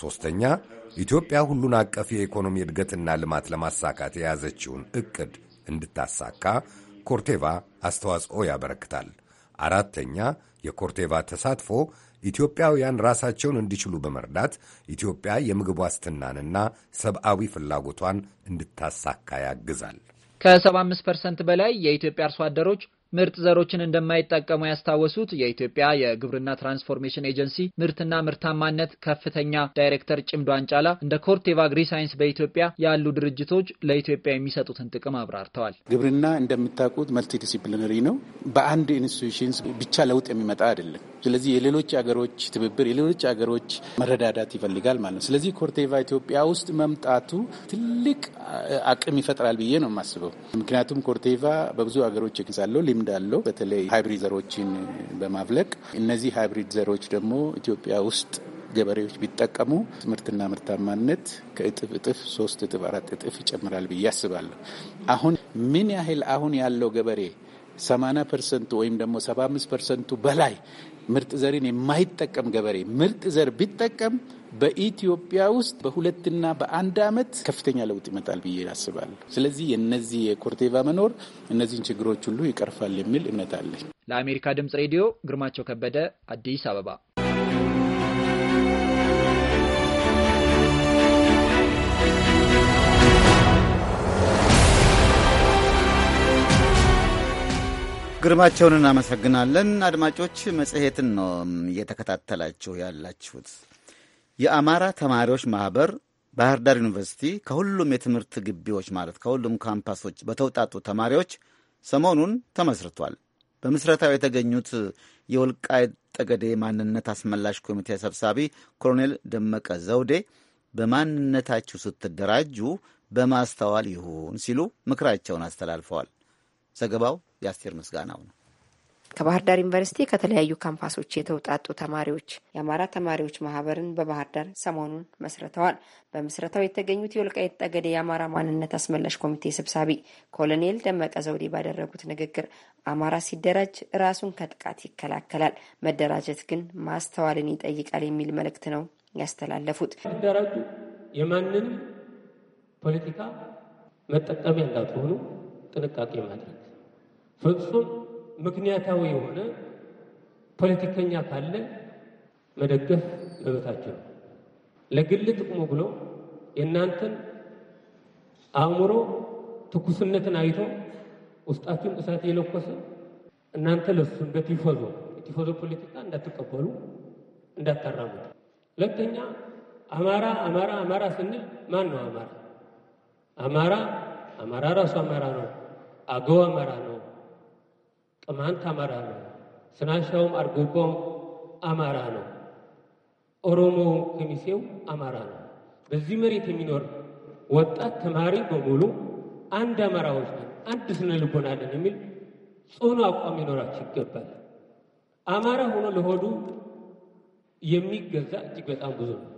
ሦስተኛ፣ ኢትዮጵያ ሁሉን አቀፍ የኢኮኖሚ እድገትና ልማት ለማሳካት የያዘችውን ዕቅድ እንድታሳካ ኮርቴቫ አስተዋጽኦ ያበረክታል። አራተኛ የኮርቴቫ ተሳትፎ ኢትዮጵያውያን ራሳቸውን እንዲችሉ በመርዳት ኢትዮጵያ የምግብ ዋስትናንና ሰብአዊ ፍላጎቷን እንድታሳካ ያግዛል። ከ75 ፐርሰንት በላይ የኢትዮጵያ አርሶ አደሮች ምርጥ ዘሮችን እንደማይጠቀሙ ያስታወሱት የኢትዮጵያ የግብርና ትራንስፎርሜሽን ኤጀንሲ ምርትና ምርታማነት ከፍተኛ ዳይሬክተር ጭምዶ አንጫላ እንደ ኮርቴቫ አግሪ ሳይንስ በኢትዮጵያ ያሉ ድርጅቶች ለኢትዮጵያ የሚሰጡትን ጥቅም አብራርተዋል። ግብርና እንደምታውቁት መልቲዲሲፕሊነሪ ነው። በአንድ ኢንስቲትዩሽንስ ብቻ ለውጥ የሚመጣ አይደለም። ስለዚህ የሌሎች አገሮች ትብብር፣ የሌሎች አገሮች መረዳዳት ይፈልጋል ማለት ነው። ስለዚህ ኮርቴቫ ኢትዮጵያ ውስጥ መምጣቱ ትልቅ አቅም ይፈጥራል ብዬ ነው የማስበው። ምክንያቱም ኮርቴቫ በብዙ አገሮች ግዛለው አለው፣ ልምድ አለው፣ በተለይ ሃይብሪድ ዘሮችን በማፍለቅ እነዚህ ሃይብሪድ ዘሮች ደግሞ ኢትዮጵያ ውስጥ ገበሬዎች ቢጠቀሙ ምርትና ምርታማነት ከእጥፍ እጥፍ ሶስት እጥፍ አራት እጥፍ ይጨምራል ብዬ አስባለሁ። አሁን ምን ያህል አሁን ያለው ገበሬ 80 ፐርሰንቱ ወይም ደግሞ 75 ፐርሰንቱ በላይ ምርጥ ዘርን የማይጠቀም ገበሬ ምርጥ ዘር ቢጠቀም በኢትዮጵያ ውስጥ በሁለትና በአንድ ዓመት ከፍተኛ ለውጥ ይመጣል ብዬ አስባለሁ። ስለዚህ የነዚህ የኮርቴቫ መኖር እነዚህን ችግሮች ሁሉ ይቀርፋል የሚል እምነት አለኝ። ለአሜሪካ ድምጽ ሬዲዮ ግርማቸው ከበደ አዲስ አበባ ግርማቸውን እናመሰግናለን። አድማጮች መጽሔትን ነው እየተከታተላችሁ ያላችሁት። የአማራ ተማሪዎች ማኅበር ባህር ዳር ዩኒቨርሲቲ ከሁሉም የትምህርት ግቢዎች ማለት ከሁሉም ካምፓሶች በተውጣጡ ተማሪዎች ሰሞኑን ተመስርቷል። በምስረታው የተገኙት የወልቃይት ጠገዴ ማንነት አስመላሽ ኮሚቴ ሰብሳቢ ኮሎኔል ደመቀ ዘውዴ በማንነታችሁ ስትደራጁ በማስተዋል ይሁን ሲሉ ምክራቸውን አስተላልፈዋል። ዘገባው የአስቴር ምስጋናው ነው። ከባህር ዳር ዩኒቨርሲቲ ከተለያዩ ካምፓሶች የተውጣጡ ተማሪዎች የአማራ ተማሪዎች ማህበርን በባህር ዳር ሰሞኑን መስርተዋል። በምስረታው የተገኙት የወልቃይት ጠገዴ የአማራ ማንነት አስመላሽ ኮሚቴ ሰብሳቢ ኮሎኔል ደመቀ ዘውዴ ባደረጉት ንግግር አማራ ሲደራጅ ራሱን ከጥቃት ይከላከላል፣ መደራጀት ግን ማስተዋልን ይጠይቃል የሚል መልእክት ነው ያስተላለፉት። ሲደራጁ የማንንም ፖለቲካ መጠቀሚያ እንዳትሆኑ ጥንቃቄ ማድረግ ፍጹም ምክንያታዊ የሆነ ፖለቲከኛ ካለ መደገፍ መብታቸው ነው። ለግል ጥቅሙ ብሎ የእናንተን አእምሮ ትኩስነትን አይቶ ውስጣችን እሳት የለኮሰ እናንተ ለሱን በቲፎዞ የቲፎዞ ፖለቲካ እንዳትቀበሉ እንዳታራምዱ። ሁለተኛ አማራ አማራ አማራ ስንል ማን ነው አማራ? አማራ አማራ ራሱ አማራ ነው። አገው አማራ ነው። ቅማንት አማራ ነው። ስናሻውም አርጎባውም አማራ ነው። ኦሮሞ ከሚሴው አማራ ነው። በዚህ መሬት የሚኖር ወጣት ተማሪ በሙሉ አንድ አማራዎች ነን፣ አንድ ስነ ልቦና አለን የሚል ጽኑ አቋም ሊኖራቸው ይገባል። አማራ ሆኖ ለሆዱ የሚገዛ እጅግ በጣም ብዙ ነው።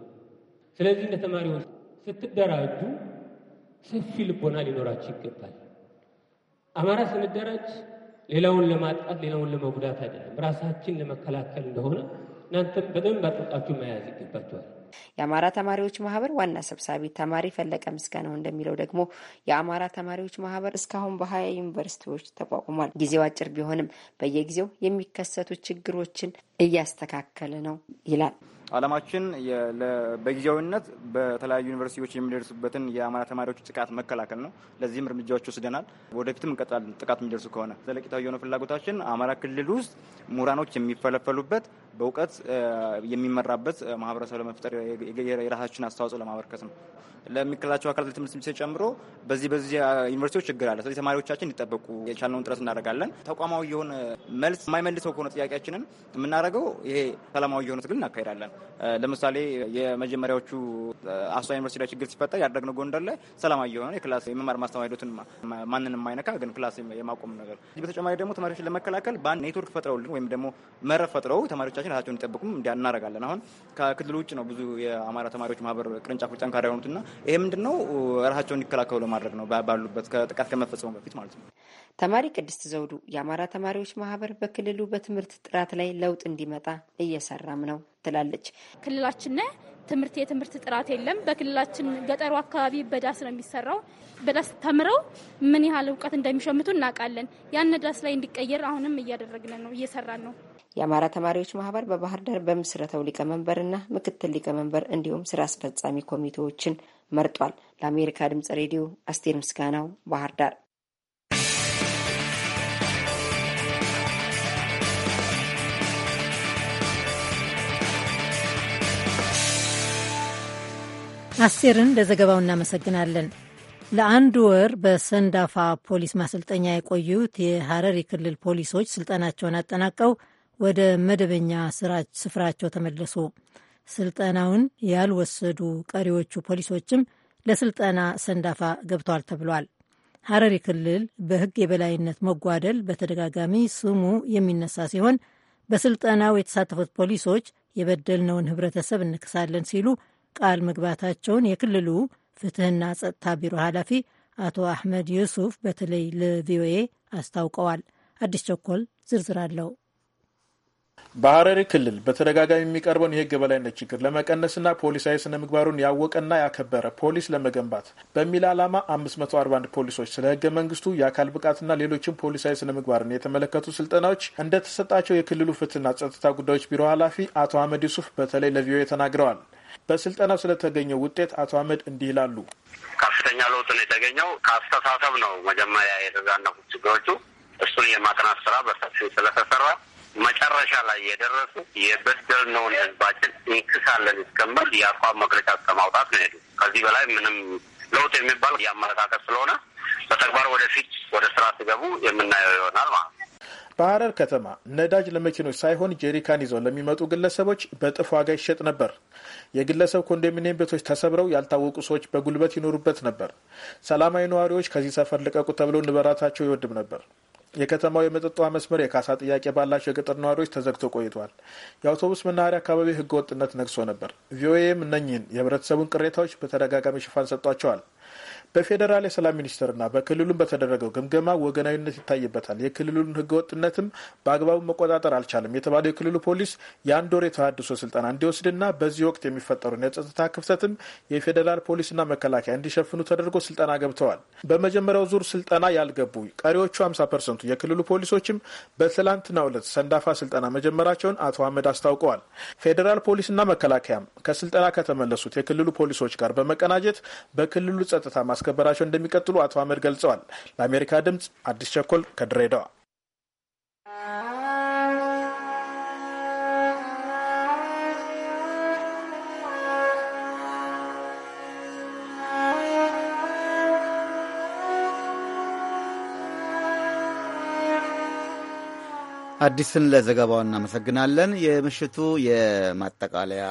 ስለዚህ እንደ ተማሪዎች ስትደራጁ ሰፊ ልቦና ሊኖራቸው ይገባል። አማራ ስንደራጅ ሌላውን ለማጣት ሌላውን ለመጉዳት አይደለም፣ ራሳችን ለመከላከል እንደሆነ እናንተ በደንብ አጥብቃችሁ መያዝ ይገባችኋል። የአማራ ተማሪዎች ማህበር ዋና ሰብሳቢ ተማሪ ፈለቀ ምስጋናው እንደሚለው ደግሞ የአማራ ተማሪዎች ማህበር እስካሁን በሀያ ዩኒቨርሲቲዎች ተቋቁሟል። ጊዜው አጭር ቢሆንም በየጊዜው የሚከሰቱ ችግሮችን እያስተካከለ ነው ይላል። አላማችን በጊዜያዊነት በተለያዩ ዩኒቨርሲቲዎች የሚደርሱበትን የአማራ ተማሪዎች ጥቃት መከላከል ነው። ለዚህም እርምጃዎች ወስደናል። ወደፊትም እንቀጥላለን። ጥቃት የሚደርሱ ከሆነ ዘለቂታዊ የሆነ ፍላጎታችን አማራ ክልል ውስጥ ምሁራኖች የሚፈለፈሉበት በእውቀት የሚመራበት ማህበረሰብ ለመፍጠር የራሳችን አስተዋጽኦ ለማበርከት ነው። ለሚከላቸው አካላት ትምህርት ሚኒስቴር ጨምሮ በዚህ በዚህ ዩኒቨርሲቲዎች ችግር አለ። ስለዚህ ተማሪዎቻችን እንዲጠበቁ የቻልነውን ጥረት እናደርጋለን። ተቋማዊ የሆነ መልስ የማይመልሰው ከሆነ ጥያቄያችንን የምናደርገው ይሄ ሰላማዊ የሆነ ትግል እናካሄዳለን። ለምሳሌ የመጀመሪያዎቹ አስዋ ዩኒቨርሲቲ ላይ ችግር ሲፈጠር ያደረግነው ጎንደር ላይ ሰላማዊ የሆነ የክላስ የመማር ማስተማር ሂደቱን ማንንም የማይነካ ግን ክላስ የማቆም ነገር። በተጨማሪ ደግሞ ተማሪዎችን ለመከላከል በአንድ ኔትወርክ ፈጥረውልን ወይም ደግሞ መረብ ፈጥረው ተማሪዎቻችን ራሳቸውን እንዲጠብቁም እናደርጋለን። አሁን ከክልሉ ውጭ ነው ብዙ የአማራ ተማሪዎች ማህበር ቅርንጫፎች ጠንካራ የሆኑትና ይሄ ምንድን ነው ራሳቸውን እንዲከላከሉ ለማድረግ ነው ባሉበት ጥቃት ከመፈጸሙ በፊት ማለት ነው። ተማሪ ቅድስት ዘውዱ የአማራ ተማሪዎች ማህበር በክልሉ በትምህርት ጥራት ላይ ለውጥ እንዲመጣ እየሰራም ነው ትላለች። ክልላችን ትምህርት የትምህርት ጥራት የለም። በክልላችን ገጠሩ አካባቢ በዳስ ነው የሚሰራው። በዳስ ተምረው ምን ያህል እውቀት እንደሚሸምቱ እናውቃለን። ያን ዳስ ላይ እንዲቀየር አሁንም እያደረግን ነው፣ እየሰራን ነው። የአማራ ተማሪዎች ማህበር በባህር ዳር በምስረተው ሊቀመንበርና ምክትል ሊቀመንበር እንዲሁም ስራ አስፈጻሚ ኮሚቴዎችን መርጧል። ለአሜሪካ ድምጽ ሬዲዮ አስቴር ምስጋናው ባህር ዳር። አስቴርን ለዘገባው እናመሰግናለን። ለአንድ ወር በሰንዳፋ ፖሊስ ማሰልጠኛ የቆዩት የሐረሪ ክልል ፖሊሶች ስልጠናቸውን አጠናቀው ወደ መደበኛ ስፍራቸው ተመለሱ። ስልጠናውን ያልወሰዱ ቀሪዎቹ ፖሊሶችም ለስልጠና ሰንዳፋ ገብተዋል ተብሏል። ሐረሪ ክልል በሕግ የበላይነት መጓደል በተደጋጋሚ ስሙ የሚነሳ ሲሆን በስልጠናው የተሳተፉት ፖሊሶች የበደልነውን ህብረተሰብ እንክሳለን ሲሉ ቃል መግባታቸውን የክልሉ ፍትህና ጸጥታ ቢሮ ኃላፊ አቶ አሕመድ ዩሱፍ በተለይ ለቪኦኤ አስታውቀዋል። አዲስ ቸኮል ዝርዝር አለው። በሐረሪ ክልል በተደጋጋሚ የሚቀርበውን የህግ በላይነት ችግር ለመቀነስና ፖሊሳዊ ስነ ምግባሩን ያወቀና ያከበረ ፖሊስ ለመገንባት በሚል ዓላማ 541 ፖሊሶች ስለ ህገ መንግስቱ የአካል ብቃትና ሌሎችም ፖሊሳዊ ስነ ምግባርን የተመለከቱ ስልጠናዎች እንደተሰጣቸው የክልሉ ፍትህና ጸጥታ ጉዳዮች ቢሮ ኃላፊ አቶ አህመድ ዩሱፍ በተለይ ለቪኦኤ ተናግረዋል። በስልጠናው ስለተገኘው ውጤት አቶ አህመድ እንዲህ ይላሉ። ከፍተኛ ለውጥ ነው የተገኘው። ከአስተሳሰብ ነው መጀመሪያ የተዛነፉት ችግሮቹ። እሱን የማጥናት ስራ በሰፊው ስለተሰራ መጨረሻ ላይ የደረሱ የበደልነውን ህዝባችን እንክሳለን እስከምል የአቋም መግለጫ እስከማውጣት ነው ሄዱ። ከዚህ በላይ ምንም ለውጥ የሚባል የአመለካከት ስለሆነ በተግባር ወደፊት ወደ ስራ ሲገቡ የምናየው ይሆናል ማለት ነው። በሐረር ከተማ ነዳጅ ለመኪኖች ሳይሆን ጄሪካን ይዘው ለሚመጡ ግለሰቦች በጥፍ ዋጋ ይሸጥ ነበር። የግለሰብ ኮንዶሚኒየም ቤቶች ተሰብረው ያልታወቁ ሰዎች በጉልበት ይኖሩበት ነበር። ሰላማዊ ነዋሪዎች ከዚህ ሰፈር ልቀቁ ተብለው ንብረታቸው ይወድም ነበር። የከተማው የመጠጥ ውሃ መስመር የካሳ ጥያቄ ባላቸው የገጠር ነዋሪዎች ተዘግቶ ቆይቷል። የአውቶቡስ መናኸሪያ አካባቢ ህገ ወጥነት ነግሶ ነበር። ቪኦኤም እነኝህን የህብረተሰቡን ቅሬታዎች በተደጋጋሚ ሽፋን ሰጧቸዋል። በፌዴራል የሰላም ሚኒስቴርና በክልሉም በተደረገው ግምገማ ወገናዊነት ይታይበታል፣ የክልሉን ህገወጥነትም በአግባቡ መቆጣጠር አልቻለም የተባለው የክልሉ ፖሊስ የአንድ ወር የተሃድሶ ስልጠና እንዲወስድና በዚህ ወቅት የሚፈጠሩን የጸጥታ ክፍተትም የፌዴራል ፖሊስና መከላከያ እንዲሸፍኑ ተደርጎ ስልጠና ገብተዋል። በመጀመሪያው ዙር ስልጠና ያልገቡ ቀሪዎቹ 50 ፐርሰንቱ የክልሉ ፖሊሶችም በትላንትናው ዕለት ሰንዳፋ ስልጠና መጀመራቸውን አቶ አህመድ አስታውቀዋል። ፌዴራል ፖሊስና መከላከያም ከስልጠና ከተመለሱት የክልሉ ፖሊሶች ጋር በመቀናጀት በክልሉ ጸጥታ ማስከበራቸው እንደሚቀጥሉ አቶ አህመድ ገልጸዋል። ለአሜሪካ ድምጽ አዲስ ቸኮል ከድሬዳዋ። አዲስን ለዘገባው እናመሰግናለን። የምሽቱ የማጠቃለያ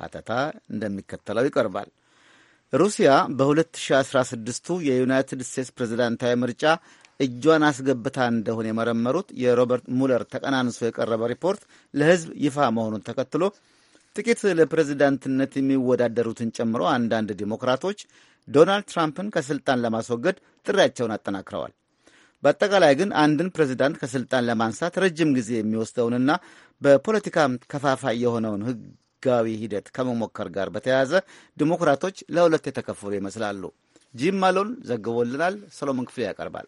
ሀተታ እንደሚከተለው ይቀርባል። ሩሲያ በ2016ቱ የዩናይትድ ስቴትስ ፕሬዝዳንታዊ ምርጫ እጇን አስገብታ እንደሆነ የመረመሩት የሮበርት ሙለር ተቀናንሶ የቀረበ ሪፖርት ለሕዝብ ይፋ መሆኑን ተከትሎ ጥቂት ለፕሬዝዳንትነት የሚወዳደሩትን ጨምሮ አንዳንድ ዲሞክራቶች ዶናልድ ትራምፕን ከስልጣን ለማስወገድ ጥሪያቸውን አጠናክረዋል። በአጠቃላይ ግን አንድን ፕሬዝዳንት ከስልጣን ለማንሳት ረጅም ጊዜ የሚወስደውንና በፖለቲካም ከፋፋይ የሆነውን ሕግ ህጋዊ ሂደት ከመሞከር ጋር በተያያዘ ዲሞክራቶች ለሁለት የተከፈሉ ይመስላሉ። ጂም ማሎን ዘግቦልናል። ሰሎሞን ክፍሌ ያቀርባል።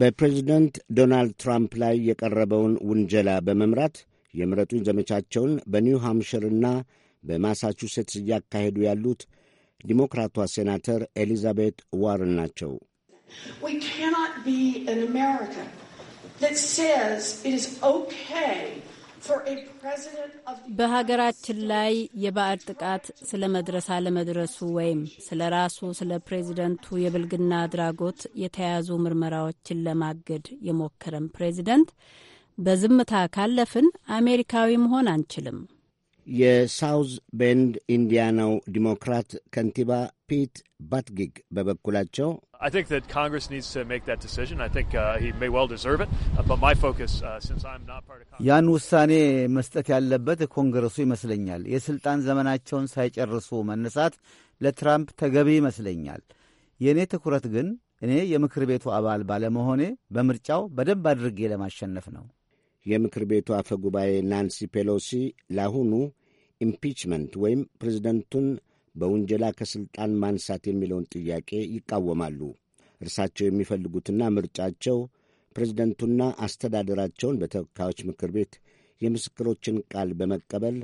በፕሬዚደንት ዶናልድ ትራምፕ ላይ የቀረበውን ውንጀላ በመምራት የምረጡኝ ዘመቻቸውን በኒው ሃምሽርና በማሳቹሴትስ እያካሄዱ ያሉት ዲሞክራቷ ሴናተር ኤሊዛቤት ዋርን ናቸው። We cannot be an America that says it is okay በሀገራችን ላይ የባዕድ ጥቃት ስለ መድረስ አለመድረሱ ወይም ስለ ራሱ ስለ ፕሬዚደንቱ የብልግና አድራጎት የተያዙ ምርመራዎችን ለማገድ የሞከረን ፕሬዚደንት በዝምታ ካለፍን አሜሪካዊ መሆን አንችልም። የሳውዝ ቤንድ ኢንዲያናው ዲሞክራት ከንቲባ ፒት ባትጊግ በበኩላቸው uh, uh, uh, ያን ውሳኔ መስጠት ያለበት ኮንግረሱ ይመስለኛል። የሥልጣን ዘመናቸውን ሳይጨርሱ መነሳት ለትራምፕ ተገቢ ይመስለኛል። የእኔ ትኩረት ግን እኔ የምክር ቤቱ አባል ባለመሆኔ በምርጫው በደንብ አድርጌ ለማሸነፍ ነው። የምክር ቤቱ አፈ ጉባኤ ናንሲ ፔሎሲ ለአሁኑ ኢምፒችመንት ወይም ፕሬዚደንቱን በውንጀላ ከሥልጣን ማንሳት የሚለውን ጥያቄ ይቃወማሉ። እርሳቸው የሚፈልጉትና ምርጫቸው ፕሬዝደንቱና አስተዳደራቸውን በተወካዮች ምክር ቤት የምስክሮችን ቃል በመቀበል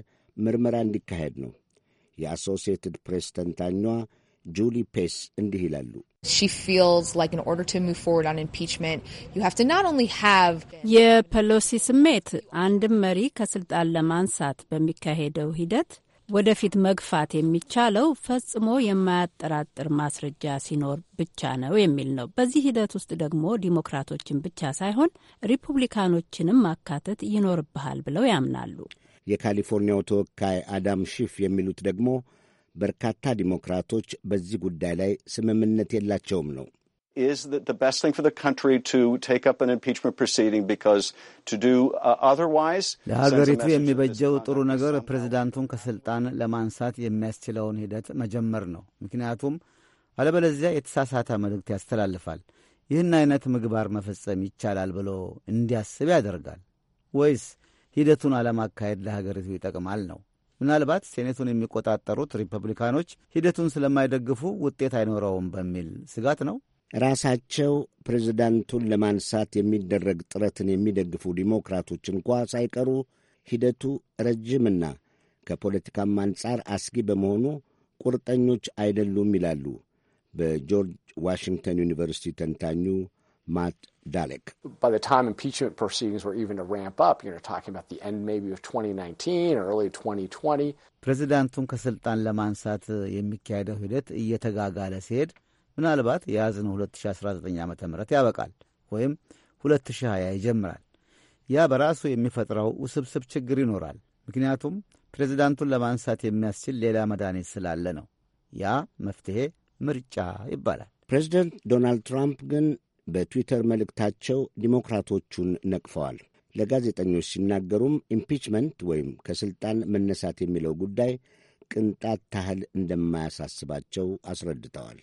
ምርመራ እንዲካሄድ ነው። የአሶሲየትድ ፕሬስ ተንታኟ ጁሊ ፔስ እንዲህ ይላሉ። የፐሎሲ ስሜት አንድም መሪ ከስልጣን ለማንሳት በሚካሄደው ሂደት ወደፊት መግፋት የሚቻለው ፈጽሞ የማያጠራጥር ማስረጃ ሲኖር ብቻ ነው የሚል ነው። በዚህ ሂደት ውስጥ ደግሞ ዲሞክራቶችን ብቻ ሳይሆን ሪፑብሊካኖችንም ማካተት ይኖርብሃል ብለው ያምናሉ። የካሊፎርኒያው ተወካይ አዳም ሺፍ የሚሉት ደግሞ በርካታ ዲሞክራቶች በዚህ ጉዳይ ላይ ስምምነት የላቸውም ነው። is that the best thing for the country to take up an impeachment proceeding because to do uh, otherwise ለሀገሪቱ የሚበጀው ጥሩ ነገር ፕሬዚዳንቱን ከስልጣን ለማንሳት የሚያስችለውን ሂደት መጀመር ነው። ምክንያቱም አለበለዚያ የተሳሳተ መልእክት ያስተላልፋል። ይህን አይነት ምግባር መፈጸም ይቻላል ብሎ እንዲያስብ ያደርጋል። ወይስ ሂደቱን አለማካሄድ ለሀገሪቱ ይጠቅማል ነው። ምናልባት ሴኔቱን የሚቆጣጠሩት ሪፐብሊካኖች ሂደቱን ስለማይደግፉ ውጤት አይኖረውም በሚል ስጋት ነው ራሳቸው ፕሬዝዳንቱን ለማንሳት የሚደረግ ጥረትን የሚደግፉ ዲሞክራቶች እንኳ ሳይቀሩ ሂደቱ ረጅምና ከፖለቲካም አንጻር አስጊ በመሆኑ ቁርጠኞች አይደሉም ይላሉ በጆርጅ ዋሽንግተን ዩኒቨርሲቲ ተንታኙ ማት ዳሌክ። ፕሬዚዳንቱን ከሥልጣን ለማንሳት የሚካሄደው ሂደት እየተጋጋለ ሲሄድ ምናልባት የያዝነው 2019 ዓ ም ያበቃል ወይም 2020 ይጀምራል። ያ በራሱ የሚፈጥረው ውስብስብ ችግር ይኖራል። ምክንያቱም ፕሬዚዳንቱን ለማንሳት የሚያስችል ሌላ መድኃኒት ስላለ ነው። ያ መፍትሔ ምርጫ ይባላል። ፕሬዚደንት ዶናልድ ትራምፕ ግን በትዊተር መልእክታቸው ዲሞክራቶቹን ነቅፈዋል። ለጋዜጠኞች ሲናገሩም ኢምፒችመንት ወይም ከሥልጣን መነሳት የሚለው ጉዳይ ቅንጣት ታህል እንደማያሳስባቸው አስረድተዋል።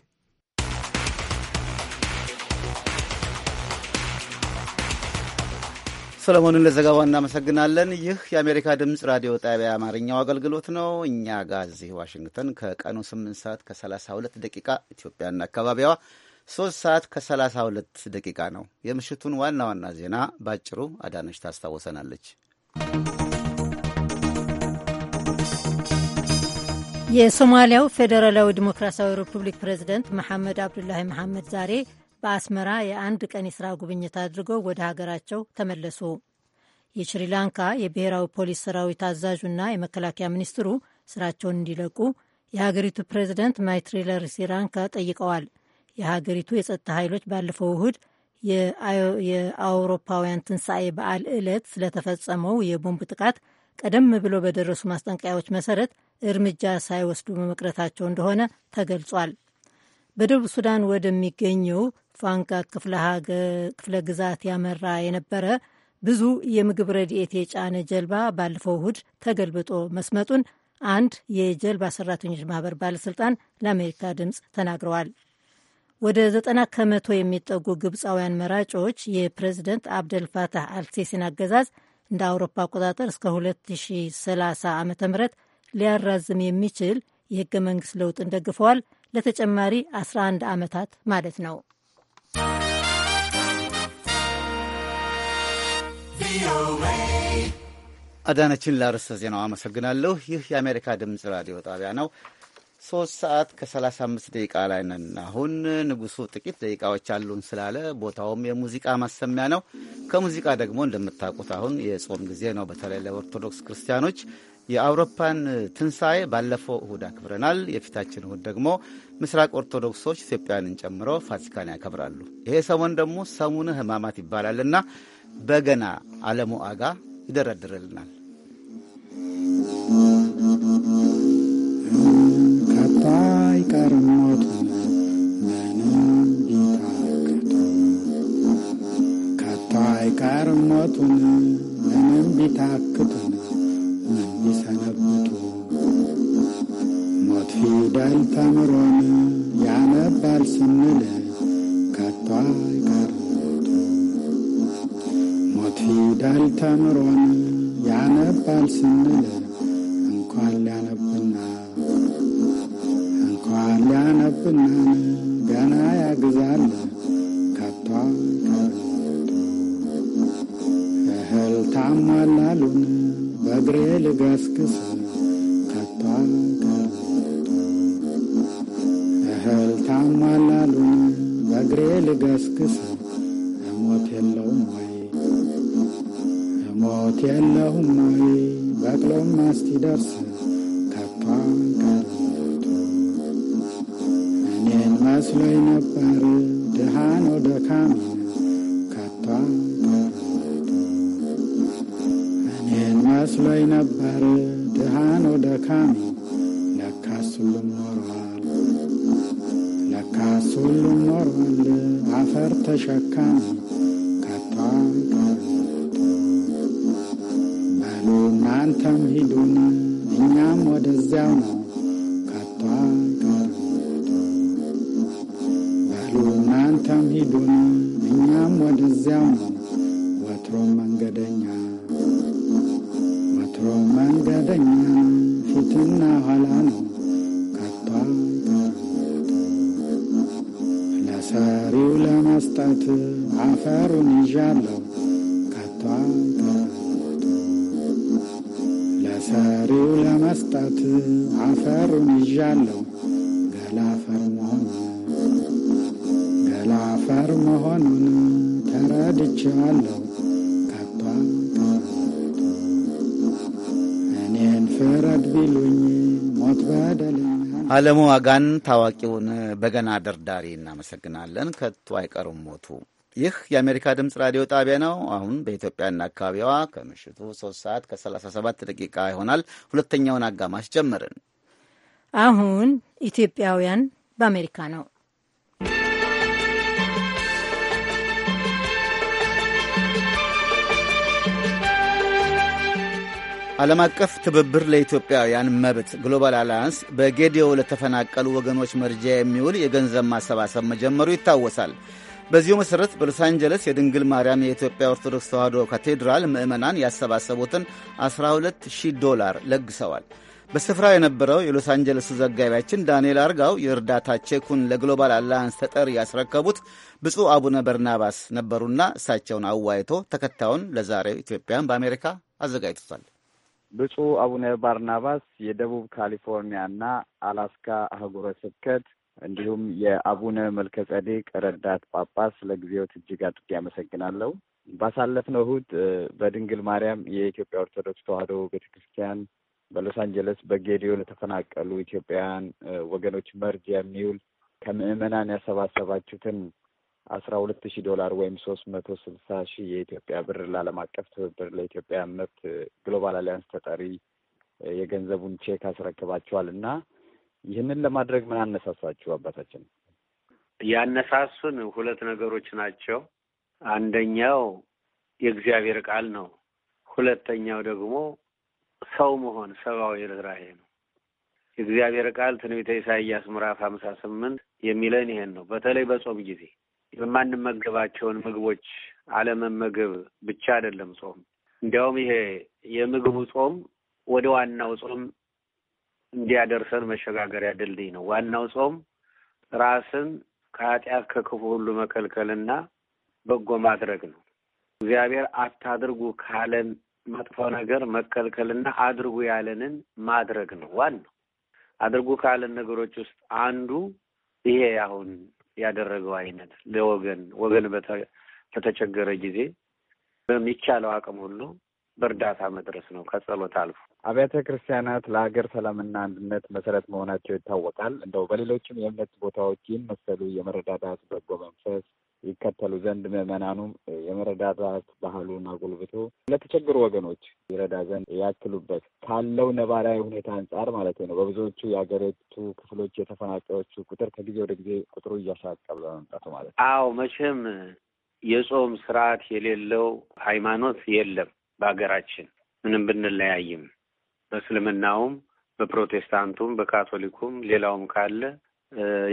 ሰለሞንን ለዘገባው እናመሰግናለን። ይህ የአሜሪካ ድምፅ ራዲዮ ጣቢያ አማርኛው አገልግሎት ነው። እኛ ጋር እዚህ ዋሽንግተን ከቀኑ 8 ሰዓት ከ32 ደቂቃ ኢትዮጵያና አካባቢዋ 3 ሰዓት ከ32 ደቂቃ ነው። የምሽቱን ዋና ዋና ዜና ባጭሩ አዳነች ታስታውሰናለች። የሶማሊያው ፌዴራላዊ ዲሞክራሲያዊ ሪፑብሊክ ፕሬዚደንት መሐመድ አብዱላሂ መሐመድ ዛሬ በአስመራ የአንድ ቀን የሥራ ጉብኝት አድርገው ወደ ሀገራቸው ተመለሱ። የሽሪላንካ የብሔራዊ ፖሊስ ሰራዊት አዛዡና የመከላከያ ሚኒስትሩ ስራቸውን እንዲለቁ የሀገሪቱ ፕሬዚደንት ማይትሪላ ሲራንካ ጠይቀዋል። የሀገሪቱ የጸጥታ ኃይሎች ባለፈው እሁድ የአውሮፓውያን ትንሣኤ በዓል ዕለት ስለተፈጸመው የቦምብ ጥቃት ቀደም ብሎ በደረሱ ማስጠንቀቂያዎች መሰረት እርምጃ ሳይወስዱ በመቅረታቸው እንደሆነ ተገልጿል። በደቡብ ሱዳን ወደሚገኘው ፋንካ ክፍለ ግዛት ያመራ የነበረ ብዙ የምግብ ረድኤት የጫነ ጀልባ ባለፈው እሁድ ተገልብጦ መስመጡን አንድ የጀልባ ሰራተኞች ማህበር ባለስልጣን ለአሜሪካ ድምፅ ተናግረዋል። ወደ ዘጠና ከመቶ የሚጠጉ ግብፃውያን መራጮች የፕሬዚደንት አብደል ፋታህ አልሲሲን አገዛዝ እንደ አውሮፓ አቆጣጠር እስከ 2030 ዓ ም ሊያራዝም የሚችል የህገ መንግስት ለውጥን ደግፈዋል። ለተጨማሪ 11 ዓመታት ማለት ነው። አዳነችን ላርዕሰ ዜናው አመሰግናለሁ። ይህ የአሜሪካ ድምፅ ራዲዮ ጣቢያ ነው። ሶስት ሰዓት ከ አምስት ደቂቃ ላይ ነን። አሁን ንጉሱ ጥቂት ደቂቃዎች አሉን ስላለ ቦታውም የሙዚቃ ማሰሚያ ነው። ከሙዚቃ ደግሞ እንደምታውቁት አሁን የጾም ጊዜ ነው። በተለይ ለኦርቶዶክስ ክርስቲያኖች የአውሮፓን ትንሣኤ ባለፈው እሁድ አክብረናል። የፊታችን እሁድ ደግሞ ምስራቅ ኦርቶዶክሶች ኢትዮጵያውያንን ጨምሮ ፋሲካን ያከብራሉ። ይሄ ሰሞን ደግሞ ሰሙነ ሕማማት ይባላልና በገና አለሙ አጋ ይደረድርልናል። ቀርሞቱን ምንም ቢታክቱን ምን ቢሰነብቱ ይውዳል ተምሮን ያነባል ስንል ከቶ አይቀርቱ ሞት ይውዳል ተምሮን ያነባል ስንል እንኳን ሊያነብና እንኳን ሊያነብናን ገና ያግዛል ከቶ አይቀርቱ እህል ታሟላሉን በእግሬ ልገስግስ ከቶ እግሬ ልገስግስ እሞት የለውም ወይ እሞት የለውም ወይ በቅሎም እኔን መስሎኝ ነበር ድሃን ነው ደካማ ከቷ ቀርሞቱ እኔን መስሎኝ ነበር baixa a casa አለሙ ዋጋን ታዋቂውን በገና ደርዳሪ እናመሰግናለን። ከቶ አይቀሩም ሞቱ። ይህ የአሜሪካ ድምፅ ራዲዮ ጣቢያ ነው። አሁን በኢትዮጵያና አካባቢዋ ከምሽቱ 3 ሰዓት ከ37 ደቂቃ ይሆናል። ሁለተኛውን አጋማሽ ጀመርን። አሁን ኢትዮጵያውያን በአሜሪካ ነው ዓለም አቀፍ ትብብር ለኢትዮጵያውያን መብት ግሎባል አላያንስ በጌዲዮ ለተፈናቀሉ ወገኖች መርጃ የሚውል የገንዘብ ማሰባሰብ መጀመሩ ይታወሳል። በዚሁ መሠረት በሎስ አንጀለስ የድንግል ማርያም የኢትዮጵያ ኦርቶዶክስ ተዋሕዶ ካቴድራል ምዕመናን ያሰባሰቡትን 12000 ዶላር ለግሰዋል። በስፍራው የነበረው የሎስ አንጀለሱ ዘጋቢያችን ዳንኤል አርጋው የእርዳታ ቼኩን ለግሎባል አላያንስ ተጠሪ ያስረከቡት ብፁዕ አቡነ በርናባስ ነበሩና እሳቸውን አዋይቶ ተከታዩን ለዛሬው ኢትዮጵያን በአሜሪካ አዘጋጅቷል። ብፁዕ አቡነ ባርናባስ የደቡብ ካሊፎርኒያና አላስካ አህጉረ ስብከት እንዲሁም የአቡነ መልከጸዴቅ ረዳት ጳጳስ ለጊዜዎት እጅግ አድርጌ አመሰግናለሁ። ባሳለፍነው እሁድ በድንግል ማርያም የኢትዮጵያ ኦርቶዶክስ ተዋሕዶ ቤተ ክርስቲያን በሎስ አንጀለስ በጌዲዮ ለተፈናቀሉ ኢትዮጵያውያን ወገኖች መርጃ የሚውል ከምዕመናን ያሰባሰባችሁትን አስራ ሁለት ሺህ ዶላር ወይም ሶስት መቶ ስልሳ ሺህ የኢትዮጵያ ብር ለዓለም አቀፍ ትብብር ለኢትዮጵያ መብት ግሎባል አሊያንስ ተጠሪ የገንዘቡን ቼክ አስረክባቸዋል እና ይህንን ለማድረግ ምን አነሳሳችሁ አባታችን? ያነሳሱን ሁለት ነገሮች ናቸው። አንደኛው የእግዚአብሔር ቃል ነው። ሁለተኛው ደግሞ ሰው መሆን ሰብአዊ ርኅራኄ ነው። የእግዚአብሔር ቃል ትንቢተ ኢሳይያስ ምዕራፍ ሀምሳ ስምንት የሚለን ይሄን ነው። በተለይ በጾም ጊዜ የማንመገባቸውን ምግቦች አለመመገብ ብቻ አይደለም ጾም። እንዲያውም ይሄ የምግቡ ጾም ወደ ዋናው ጾም እንዲያደርሰን መሸጋገሪያ ድልድይ ነው። ዋናው ጾም ራስን ከኃጢአት ከክፉ ሁሉ መከልከልና በጎ ማድረግ ነው። እግዚአብሔር አታድርጉ ካለን መጥፎ ነገር መከልከልና አድርጉ ያለንን ማድረግ ነው ዋናው። አድርጉ ካለን ነገሮች ውስጥ አንዱ ይሄ አሁን ያደረገው አይነት ለወገን ወገን በተቸገረ ጊዜ በሚቻለው አቅም ሁሉ በእርዳታ መድረስ ነው ከጸሎት አልፎ። አብያተ ክርስቲያናት ለሀገር ሰላምና አንድነት መሰረት መሆናቸው ይታወቃል። እንደው በሌሎችም የእምነት ቦታዎች ይህን መሰሉ የመረዳዳት በጎ መንፈስ ይከተሉ ዘንድ ምዕመናኑም የመረዳዳት ባህሉን አጎልብቶ ለተቸገሩ ወገኖች ይረዳ ዘንድ ያክሉበት ካለው ነባራዊ ሁኔታ አንጻር ማለት ነው። በብዙዎቹ የሀገሪቱ ክፍሎች የተፈናቃዮቹ ቁጥር ከጊዜ ወደ ጊዜ ቁጥሩ እያሻቀበ መምጣቱ ማለት ነው። አዎ መቼም የጾም ስርዓት የሌለው ሃይማኖት የለም በሀገራችን ምንም ብንለያይም፣ በእስልምናውም፣ በፕሮቴስታንቱም፣ በካቶሊኩም ሌላውም ካለ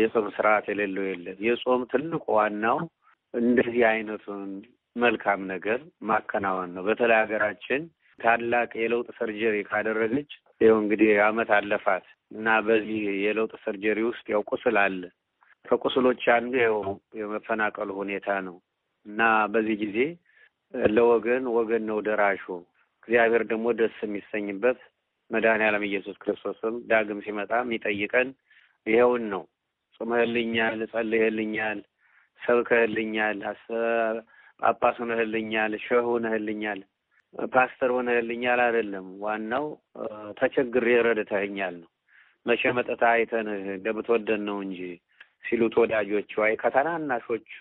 የጾም ስርዓት የሌለው የለም። የጾም ትልቁ ዋናው እንደዚህ አይነቱን መልካም ነገር ማከናወን ነው። በተለይ ሀገራችን ታላቅ የለውጥ ሰርጀሪ ካደረገች ይኸው እንግዲህ አመት አለፋት እና በዚህ የለውጥ ሰርጀሪ ውስጥ ያው ቁስል አለ። ከቁስሎች አንዱ ያው የመፈናቀሉ ሁኔታ ነው እና በዚህ ጊዜ ለወገን ወገን ነው ደራሹ። እግዚአብሔር ደግሞ ደስ የሚሰኝበት መድኃኔ ያለም ኢየሱስ ክርስቶስም ዳግም ሲመጣ የሚጠይቀን ይኸውን ነው። ጾመህልኛል፣ ጸልየህልኛል፣ ሰብከህልኛል፣ ጳጳስ ሆነህልኛል፣ ሸህ ሆነህልኛል፣ ፓስተር ሆነህልኛል። አይደለም ዋናው ተቸግሬ ረድተኸኛል ነው። መቼ መጠታ አይተንህ እንደምትወደን ነው እንጂ ሲሉት ወዳጆቹ አይ ከታናናሾቹ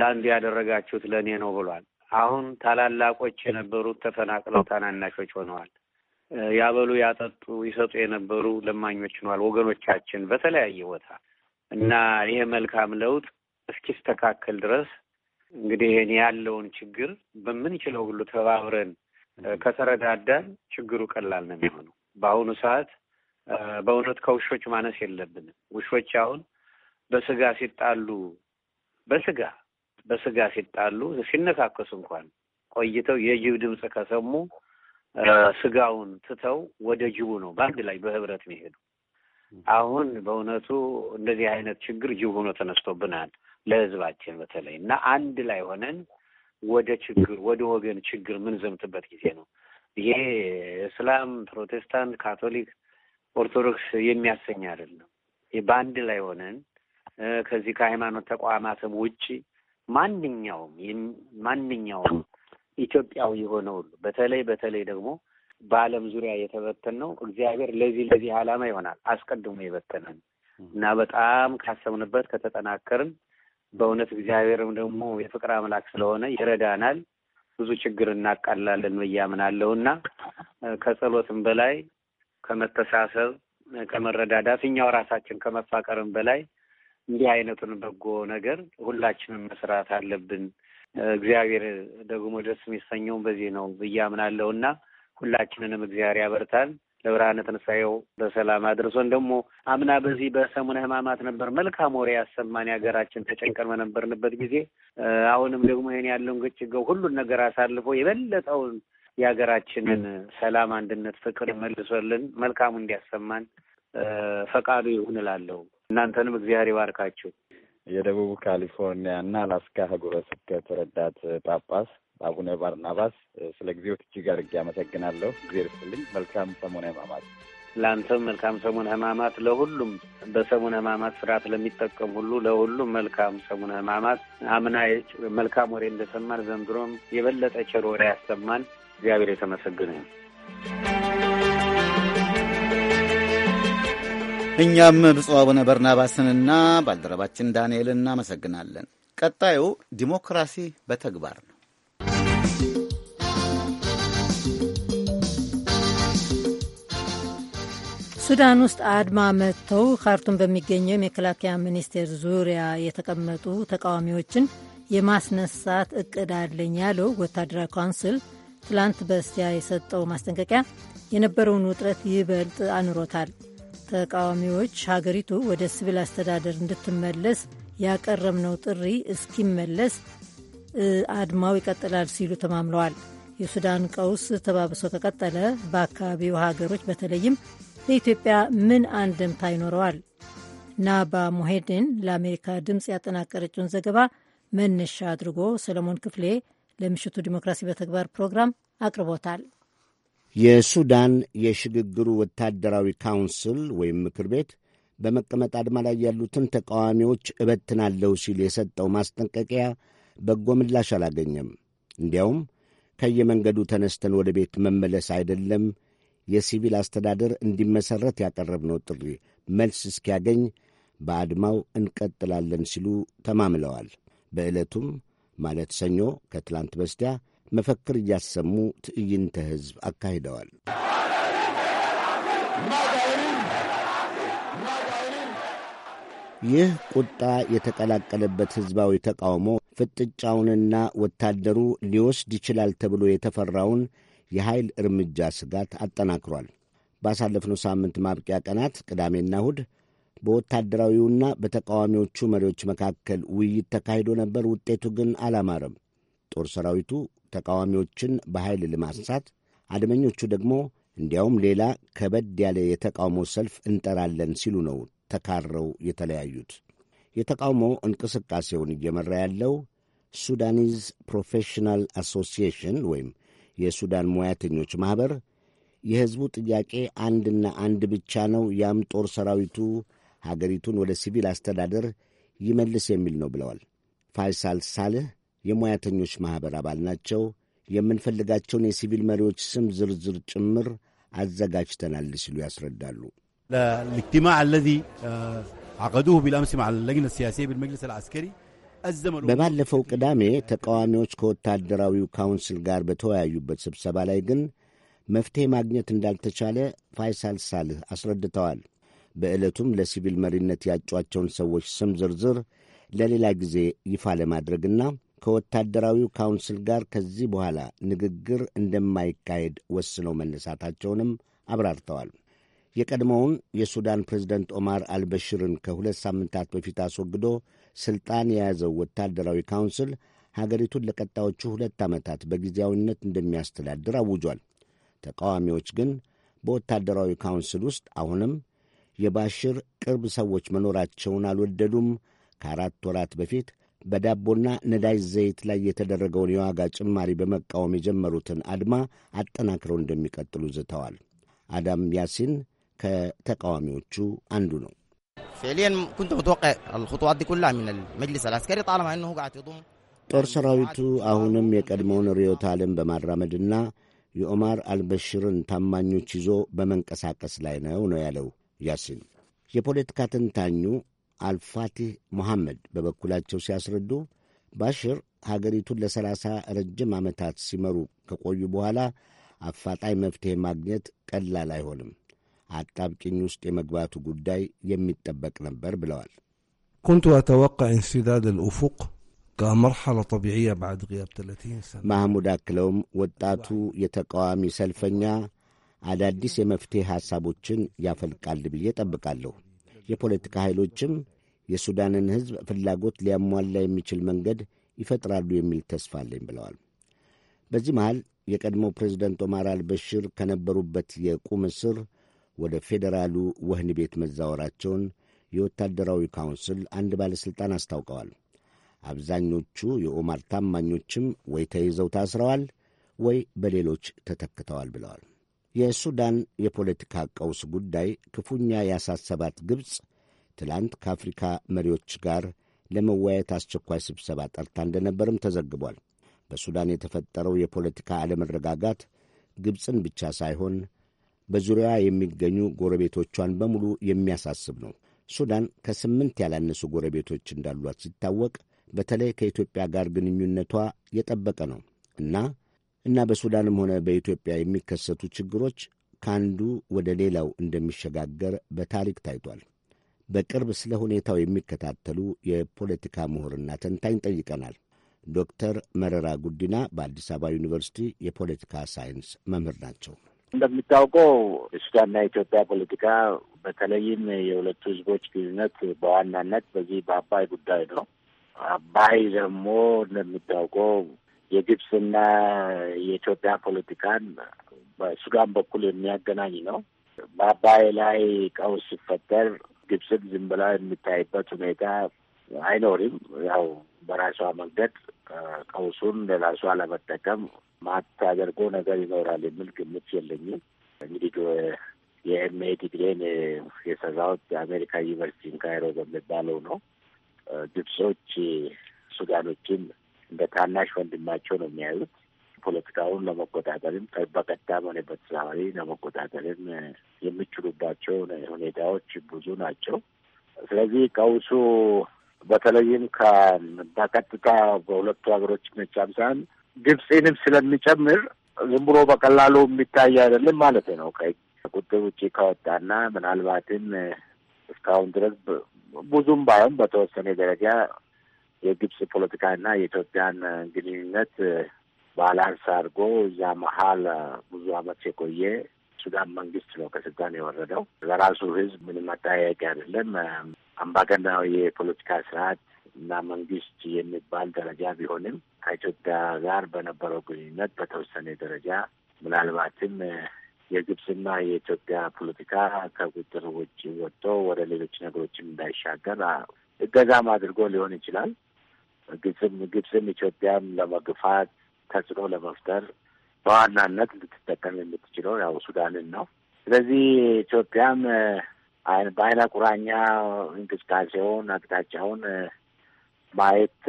ለአንዱ ያደረጋችሁት ለእኔ ነው ብሏል። አሁን ታላላቆች የነበሩት ተፈናቅለው ታናናሾች ሆነዋል። ያበሉ፣ ያጠጡ፣ ይሰጡ የነበሩ ለማኞች ነዋል ወገኖቻችን በተለያየ ቦታ እና ይሄ መልካም ለውጥ እስኪስተካከል ድረስ እንግዲህ ያለውን ችግር በምንችለው ሁሉ ተባብረን ከተረዳዳን ችግሩ ቀላል ነው የሚሆነው። በአሁኑ ሰዓት በእውነት ከውሾች ማነስ የለብንም። ውሾች አሁን በስጋ ሲጣሉ በስጋ በስጋ ሲጣሉ ሲነካከሱ እንኳን ቆይተው የጅብ ድምፅ ከሰሙ ስጋውን ትተው ወደ ጅቡ ነው በአንድ ላይ በህብረት ነው አሁን በእውነቱ እንደዚህ አይነት ችግር ጅቡ ሆኖ ተነስቶብናል ለህዝባችን በተለይ እና አንድ ላይ ሆነን ወደ ችግር ወደ ወገን ችግር ምን ዘምትበት ጊዜ ነው ይሄ። እስላም፣ ፕሮቴስታንት፣ ካቶሊክ፣ ኦርቶዶክስ የሚያሰኝ አይደለም። በአንድ ላይ ሆነን ከዚህ ከሃይማኖት ተቋማትም ውጭ ማንኛውም ማንኛውም ኢትዮጵያዊ የሆነ ሁሉ በተለይ በተለይ ደግሞ በዓለም ዙሪያ የተበተን ነው እግዚአብሔር ለዚህ ለዚህ ዓላማ ይሆናል አስቀድሞ የበተነን እና በጣም ካሰብንበት ከተጠናከርን በእውነት እግዚአብሔርም ደግሞ የፍቅር አምላክ ስለሆነ ይረዳናል፣ ብዙ ችግር እናቃላለን ብዬ እና ከጸሎትም በላይ ከመተሳሰብ ከመረዳዳት እኛው ራሳችን ከመፋቀርም በላይ እንዲህ አይነቱን በጎ ነገር ሁላችንም መስራት አለብን እግዚአብሔር ደግሞ ደስ የሚሰኘውን በዚህ ነው ብዬ አምናለሁ እና ሁላችንንም እግዚአብሔር ያበርታል። ለብርሃነ ትንሣኤው በሰላም አድርሶን ደግሞ አምና በዚህ በሰሙነ ሕማማት ነበር መልካም ወሬ ያሰማን የሀገራችን ተጨንቀን በነበርንበት ጊዜ። አሁንም ደግሞ ይህን ያለውን ግጭገው ሁሉን ነገር አሳልፎ የበለጠውን የሀገራችንን ሰላም፣ አንድነት፣ ፍቅር መልሶልን መልካሙ እንዲያሰማን ፈቃዱ ይሁን እላለሁ። እናንተንም እግዚአብሔር ይባርካችሁ። የደቡብ ካሊፎርኒያ እና አላስካ ሀገረ ስብከት ረዳት ጳጳስ አቡነ ባርናባስ ስለ ጊዜው እጅግ አድርጌ አመሰግናለሁ። እግዜር ይስጥልኝ። መልካም ሰሞነ ህማማት። ለአንተም መልካም ሰሙነ ህማማት። ለሁሉም በሰሙነ ህማማት ስርዓት ለሚጠቀም ሁሉ ለሁሉም መልካም ሰሙነ ህማማት። አምና መልካም ወሬ እንደሰማን ዘንድሮም የበለጠ ቸር ወሬ ያሰማን። እግዚአብሔር የተመሰገነ እኛም ብፁዕ አቡነ በርናባስንና ባልደረባችን ዳንኤልን እናመሰግናለን። ቀጣዩ ዲሞክራሲ በተግባር ነው። ሱዳን ውስጥ አድማ መጥተው ካርቱም በሚገኘው የመከላከያ ሚኒስቴር ዙሪያ የተቀመጡ ተቃዋሚዎችን የማስነሳት እቅድ አለኝ ያለው ወታደራዊ ካውንስል ትላንት በስቲያ የሰጠው ማስጠንቀቂያ የነበረውን ውጥረት ይበልጥ አኑሮታል። ተቃዋሚዎች ሀገሪቱ ወደ ሲቪል አስተዳደር እንድትመለስ ያቀረብነው ጥሪ እስኪመለስ አድማው ይቀጥላል ሲሉ ተማምለዋል። የሱዳን ቀውስ ተባብሶ ከቀጠለ በአካባቢው ሀገሮች በተለይም ለኢትዮጵያ ምን አንድምታ ይኖረዋል? ናባ ሙሄድን ለአሜሪካ ድምፅ ያጠናቀረችውን ዘገባ መነሻ አድርጎ ሰለሞን ክፍሌ ለምሽቱ ዲሞክራሲ በተግባር ፕሮግራም አቅርቦታል። የሱዳን የሽግግሩ ወታደራዊ ካውንስል ወይም ምክር ቤት በመቀመጥ አድማ ላይ ያሉትን ተቃዋሚዎች እበትናለሁ ሲል የሰጠው ማስጠንቀቂያ በጎ ምላሽ አላገኘም። እንዲያውም ከየመንገዱ ተነስተን ወደ ቤት መመለስ አይደለም የሲቪል አስተዳደር እንዲመሠረት ያቀረብነው ጥሪ መልስ እስኪያገኝ በአድማው እንቀጥላለን ሲሉ ተማምለዋል። በዕለቱም ማለት ሰኞ ከትላንት በስቲያ መፈክር እያሰሙ ትዕይንተ ሕዝብ አካሂደዋል። ይህ ቁጣ የተቀላቀለበት ሕዝባዊ ተቃውሞ ፍጥጫውንና ወታደሩ ሊወስድ ይችላል ተብሎ የተፈራውን የኃይል እርምጃ ስጋት አጠናክሯል። ባሳለፍነው ሳምንት ማብቂያ ቀናት ቅዳሜና እሁድ በወታደራዊውና በተቃዋሚዎቹ መሪዎች መካከል ውይይት ተካሂዶ ነበር። ውጤቱ ግን አላማረም። ጦር ሰራዊቱ ተቃዋሚዎችን በኃይል ለማሳት፣ አድመኞቹ ደግሞ እንዲያውም ሌላ ከበድ ያለ የተቃውሞ ሰልፍ እንጠራለን ሲሉ ነው ተካረው የተለያዩት። የተቃውሞ እንቅስቃሴውን እየመራ ያለው ሱዳኒዝ ፕሮፌሽናል አሶሲዬሽን ወይም የሱዳን ሙያተኞች ማኅበር የሕዝቡ ጥያቄ አንድና አንድ ብቻ ነው፣ ያም ጦር ሰራዊቱ ሀገሪቱን ወደ ሲቪል አስተዳደር ይመልስ የሚል ነው ብለዋል። ፋይሳል ሳልህ የሙያተኞች ማኅበር አባል ናቸው። የምንፈልጋቸውን የሲቪል መሪዎች ስም ዝርዝር ጭምር አዘጋጅተናል ሲሉ ያስረዳሉ። በባለፈው ቅዳሜ ተቃዋሚዎች ከወታደራዊው ካውንስል ጋር በተወያዩበት ስብሰባ ላይ ግን መፍትሄ ማግኘት እንዳልተቻለ ፋይሳል ሳልህ አስረድተዋል። በዕለቱም ለሲቪል መሪነት ያጯቸውን ሰዎች ስም ዝርዝር ለሌላ ጊዜ ይፋ ለማድረግና ከወታደራዊው ካውንስል ጋር ከዚህ በኋላ ንግግር እንደማይካሄድ ወስነው መነሳታቸውንም አብራርተዋል። የቀድሞውን የሱዳን ፕሬዝደንት ኦማር አልበሽርን ከሁለት ሳምንታት በፊት አስወግዶ ሥልጣን የያዘው ወታደራዊ ካውንስል ሀገሪቱን ለቀጣዮቹ ሁለት ዓመታት በጊዜያዊነት እንደሚያስተዳድር አውጇል። ተቃዋሚዎች ግን በወታደራዊ ካውንስል ውስጥ አሁንም የባሽር ቅርብ ሰዎች መኖራቸውን አልወደዱም። ከአራት ወራት በፊት በዳቦና ነዳጅ ዘይት ላይ የተደረገውን የዋጋ ጭማሪ በመቃወም የጀመሩትን አድማ አጠናክረው እንደሚቀጥሉ ዝተዋል። አዳም ያሲን ከተቃዋሚዎቹ አንዱ ነው። ጦር ሰራዊቱ አሁንም የቀድሞውን ርዕዮተ ዓለም በማራመድና የኦማር አልበሽርን ታማኞች ይዞ በመንቀሳቀስ ላይ ነው ነው ያለው ያሲን። የፖለቲካ ተንታኙ አልፋቲህ ሙሐመድ በበኩላቸው ሲያስረዱ ባሽር ሀገሪቱን ለሰላሳ ረጅም ዓመታት ሲመሩ ከቆዩ በኋላ አፋጣኝ መፍትሔ ማግኘት ቀላል አይሆንም። አጣብቂኝ ውስጥ የመግባቱ ጉዳይ የሚጠበቅ ነበር ብለዋል። ኩንቱ አተወቅዕ እንስዳድ ልኡፉቅ ከመርሐላ ጠቢዕያ ባዕድ ግያብ ማህሙድ አክለውም ወጣቱ የተቃዋሚ ሰልፈኛ አዳዲስ የመፍትሔ ሐሳቦችን ያፈልቃል ብዬ ጠብቃለሁ። የፖለቲካ ኃይሎችም የሱዳንን ሕዝብ ፍላጎት ሊያሟላ የሚችል መንገድ ይፈጥራሉ የሚል ተስፋ አለኝ ብለዋል። በዚህ መሃል የቀድሞ ፕሬዝደንት ኦማር አልበሽር ከነበሩበት የቁም እስር ወደ ፌዴራሉ ወህኒ ቤት መዛወራቸውን የወታደራዊ ካውንስል አንድ ባለሥልጣን አስታውቀዋል። አብዛኞቹ የኦማር ታማኞችም ወይ ተይዘው ታስረዋል ወይ በሌሎች ተተክተዋል ብለዋል። የሱዳን የፖለቲካ ቀውስ ጉዳይ ክፉኛ ያሳሰባት ግብፅ ትላንት ከአፍሪካ መሪዎች ጋር ለመወያየት አስቸኳይ ስብሰባ ጠርታ እንደነበርም ተዘግቧል። በሱዳን የተፈጠረው የፖለቲካ አለመረጋጋት ግብፅን ብቻ ሳይሆን በዙሪያዋ የሚገኙ ጎረቤቶቿን በሙሉ የሚያሳስብ ነው። ሱዳን ከስምንት ያላነሱ ጎረቤቶች እንዳሏት ሲታወቅ፣ በተለይ ከኢትዮጵያ ጋር ግንኙነቷ የጠበቀ ነው እና እና በሱዳንም ሆነ በኢትዮጵያ የሚከሰቱ ችግሮች ከአንዱ ወደ ሌላው እንደሚሸጋገር በታሪክ ታይቷል። በቅርብ ስለ ሁኔታው የሚከታተሉ የፖለቲካ ምሁርና ተንታኝ ጠይቀናል። ዶክተር መረራ ጉዲና በአዲስ አበባ ዩኒቨርሲቲ የፖለቲካ ሳይንስ መምህር ናቸው። እንደሚታወቀው ሱዳንና የኢትዮጵያ ፖለቲካ በተለይም የሁለቱ ህዝቦች ግንኙነት በዋናነት በዚህ በአባይ ጉዳይ ነው። አባይ ደግሞ እንደሚታወቀው የግብፅና የኢትዮጵያ ፖለቲካን በሱዳን በኩል የሚያገናኝ ነው። በአባይ ላይ ቀውስ ሲፈጠር ግብፅን ዝም ብላ የሚታይበት ሁኔታ አይኖርም። ያው በራሷ መንገድ ቀውሱን ለራሷ ለመጠቀም ማታደርጎ ነገር ይኖራል የሚል ግምት የለኝም። እንግዲህ የኤምኤ ዲግሪን የሰራሁት የአሜሪካ ዩኒቨርሲቲ ካይሮ በሚባለው ነው። ግብጾች ሱዳኖችን እንደ ታናሽ ወንድማቸው ነው የሚያዩት። ፖለቲካውን ለመቆጣጠርም በቀጥታም ሆነ በተዘዋዋሪ ለመቆጣጠርም የሚችሉባቸው ሁኔታዎች ብዙ ናቸው። ስለዚህ ቀውሱ በተለይም በቀጥታ በሁለቱ ሀገሮች መጫምሳን ግብፅንም ስለሚጨምር ዝም ብሎ በቀላሉ የሚታይ አይደለም ማለት ነው። ከቁጥር ውጭ ከወጣና ምናልባትም እስካሁን ድረስ ብዙም ባይሆን በተወሰነ ደረጃ የግብጽ ፖለቲካና የኢትዮጵያን ግንኙነት ባላንስ አድርጎ እዛ መሀል ብዙ አመት የቆየ ሱዳን መንግስት ነው ከስልጣን የወረደው። ለራሱ ህዝብ ምንም አጠያያቂ አይደለም። አምባገናዊ የፖለቲካ ስርዓት እና መንግስት የሚባል ደረጃ ቢሆንም ከኢትዮጵያ ጋር በነበረው ግንኙነት በተወሰነ ደረጃ ምናልባትም የግብጽና የኢትዮጵያ ፖለቲካ ከቁጥር ውጭ ወጥቶ ወደ ሌሎች ነገሮችም እንዳይሻገር እገዛም አድርጎ ሊሆን ይችላል። ግብፅም ግብፅም ኢትዮጵያም ለመግፋት ተጽዕኖ ለመፍጠር በዋናነት ልትጠቀም የምትችለው ያው ሱዳንን ነው። ስለዚህ ኢትዮጵያም በአይነ ቁራኛ እንቅስቃሴውን አቅጣጫውን ማየት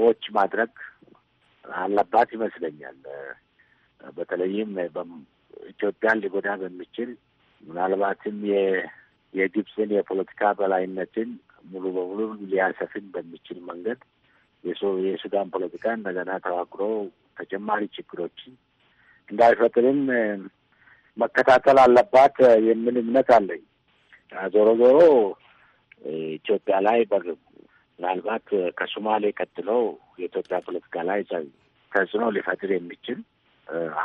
ዎች ማድረግ አለባት ይመስለኛል። በተለይም ኢትዮጵያን ሊጎዳ በሚችል ምናልባትም የግብፅን የፖለቲካ በላይነትን ሙሉ በሙሉ ሊያሰፍን በሚችል መንገድ የሱዳን ፖለቲካ እንደገና ተዋቅሮ ተጨማሪ ችግሮችን እንዳይፈጥርም መከታተል አለባት የሚል እምነት አለኝ። ዞሮ ዞሮ ኢትዮጵያ ላይ ምናልባት ከሶማሌ ቀጥሎ የኢትዮጵያ ፖለቲካ ላይ ተጽዕኖ ሊፈጥር የሚችል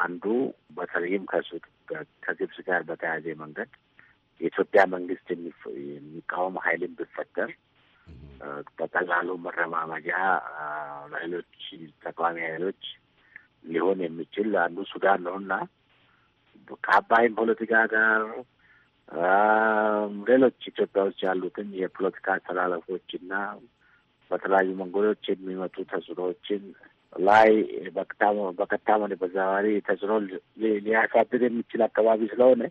አንዱ በተለይም ከግብጽ ጋር በተያያዘ መንገድ የኢትዮጵያ መንግስት የሚቃወም ኃይልን ቢፈጠር Mm-hmm. Uh, በቀላሉ መረማመጃ ለሌሎች uh, ተቃዋሚ ኃይሎች ሊሆን የሚችል አንዱ ሱዳን ነው እና ከአባይም ፖለቲካ ጋር um, ሌሎች ኢትዮጵያ ውስጥ ያሉትን የፖለቲካ አስተላለፎች እና በተለያዩ መንገዶች የሚመጡ ተጽዕኖዎችን ላይ በቀጥታም ሆነ በተዘዋዋሪ ተጽዕኖ ሊያሳድር የሚችል አካባቢ ስለሆነ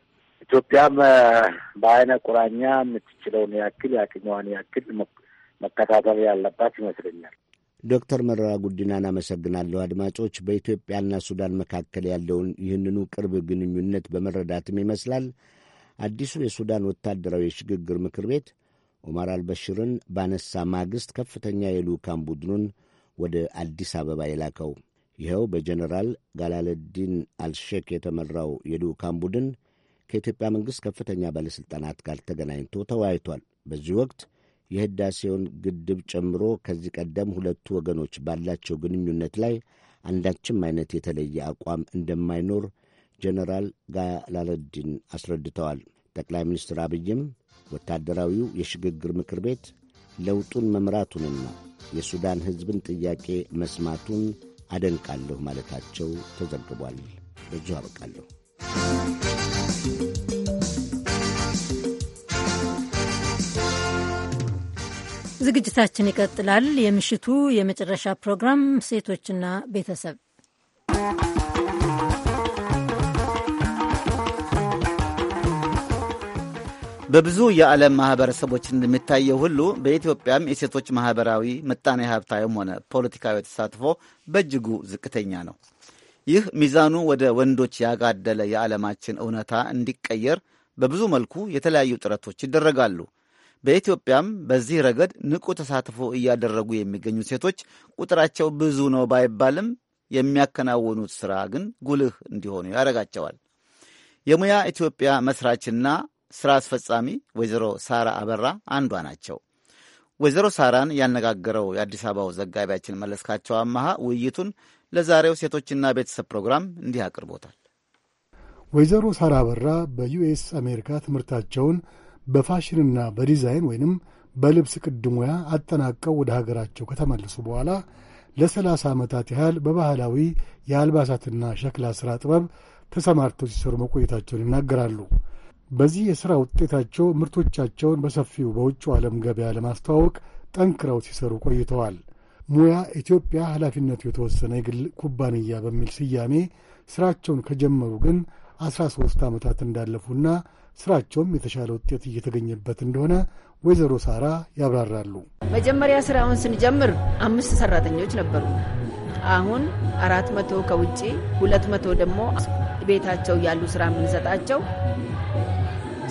ኢትዮጵያም uh, በአይነ ቁራኛ የምትችለውን ያክል የአቅሟን ያክል መከታተል ያለባት ይመስለኛል። ዶክተር መረራ ጉዲናን አመሰግናለሁ። አድማጮች፣ በኢትዮጵያና ሱዳን መካከል ያለውን ይህንኑ ቅርብ ግንኙነት በመረዳትም ይመስላል አዲሱ የሱዳን ወታደራዊ የሽግግር ምክር ቤት ኦማር አልበሽርን ባነሳ ማግስት ከፍተኛ የልዑካን ቡድኑን ወደ አዲስ አበባ የላከው። ይኸው በጀነራል ጋላለዲን አልሼክ የተመራው የልዑካን ቡድን ከኢትዮጵያ መንግሥት ከፍተኛ ባለሥልጣናት ጋር ተገናኝቶ ተወያይቷል። በዚህ ወቅት የህዳሴውን ግድብ ጨምሮ ከዚህ ቀደም ሁለቱ ወገኖች ባላቸው ግንኙነት ላይ አንዳችም አይነት የተለየ አቋም እንደማይኖር ጀነራል ጋላልዲን አስረድተዋል። ጠቅላይ ሚኒስትር አብይም ወታደራዊው የሽግግር ምክር ቤት ለውጡን መምራቱንና የሱዳን ሕዝብን ጥያቄ መስማቱን አደንቃለሁ ማለታቸው ተዘግቧል። በዚሁ አበቃለሁ። ዝግጅታችን ይቀጥላል። የምሽቱ የመጨረሻ ፕሮግራም ሴቶችና ቤተሰብ በብዙ የዓለም ማህበረሰቦች እንደሚታየው ሁሉ በኢትዮጵያም የሴቶች ማህበራዊ ምጣኔ ሀብታዊም ሆነ ፖለቲካዊ ተሳትፎ በእጅጉ ዝቅተኛ ነው። ይህ ሚዛኑ ወደ ወንዶች ያጋደለ የዓለማችን እውነታ እንዲቀየር በብዙ መልኩ የተለያዩ ጥረቶች ይደረጋሉ። በኢትዮጵያም በዚህ ረገድ ንቁ ተሳትፎ እያደረጉ የሚገኙ ሴቶች ቁጥራቸው ብዙ ነው ባይባልም የሚያከናውኑት ሥራ ግን ጉልህ እንዲሆኑ ያደርጋቸዋል። የሙያ ኢትዮጵያ መስራችና ሥራ አስፈጻሚ ወይዘሮ ሳራ አበራ አንዷ ናቸው። ወይዘሮ ሳራን ያነጋገረው የአዲስ አበባው ዘጋቢያችን መለስካቸው አመሃ ውይይቱን ለዛሬው ሴቶችና ቤተሰብ ፕሮግራም እንዲህ አቅርቦታል። ወይዘሮ ሳራ አበራ በዩኤስ አሜሪካ ትምህርታቸውን በፋሽንና በዲዛይን ወይንም በልብስ ቅድ ሙያ አጠናቀው ወደ ሀገራቸው ከተመለሱ በኋላ ለሰላሳ ዓመታት ያህል በባህላዊ የአልባሳትና ሸክላ ሥራ ጥበብ ተሰማርተው ሲሰሩ መቆየታቸውን ይናገራሉ። በዚህ የሥራ ውጤታቸው ምርቶቻቸውን በሰፊው በውጭ ዓለም ገበያ ለማስተዋወቅ ጠንክረው ሲሰሩ ቆይተዋል። ሙያ ኢትዮጵያ ኃላፊነቱ የተወሰነ የግል ኩባንያ በሚል ስያሜ ሥራቸውን ከጀመሩ ግን ሶስት ዓመታት እንዳለፉና ስራቸውም የተሻለ ውጤት እየተገኘበት እንደሆነ ወይዘሮ ሳራ ያብራራሉ። መጀመሪያ ስራውን ስንጀምር አምስት ሰራተኞች ነበሩ። አሁን አራት መቶ ከውጭ ሁለት መቶ ደግሞ ቤታቸው ያሉ ስራ የምንሰጣቸው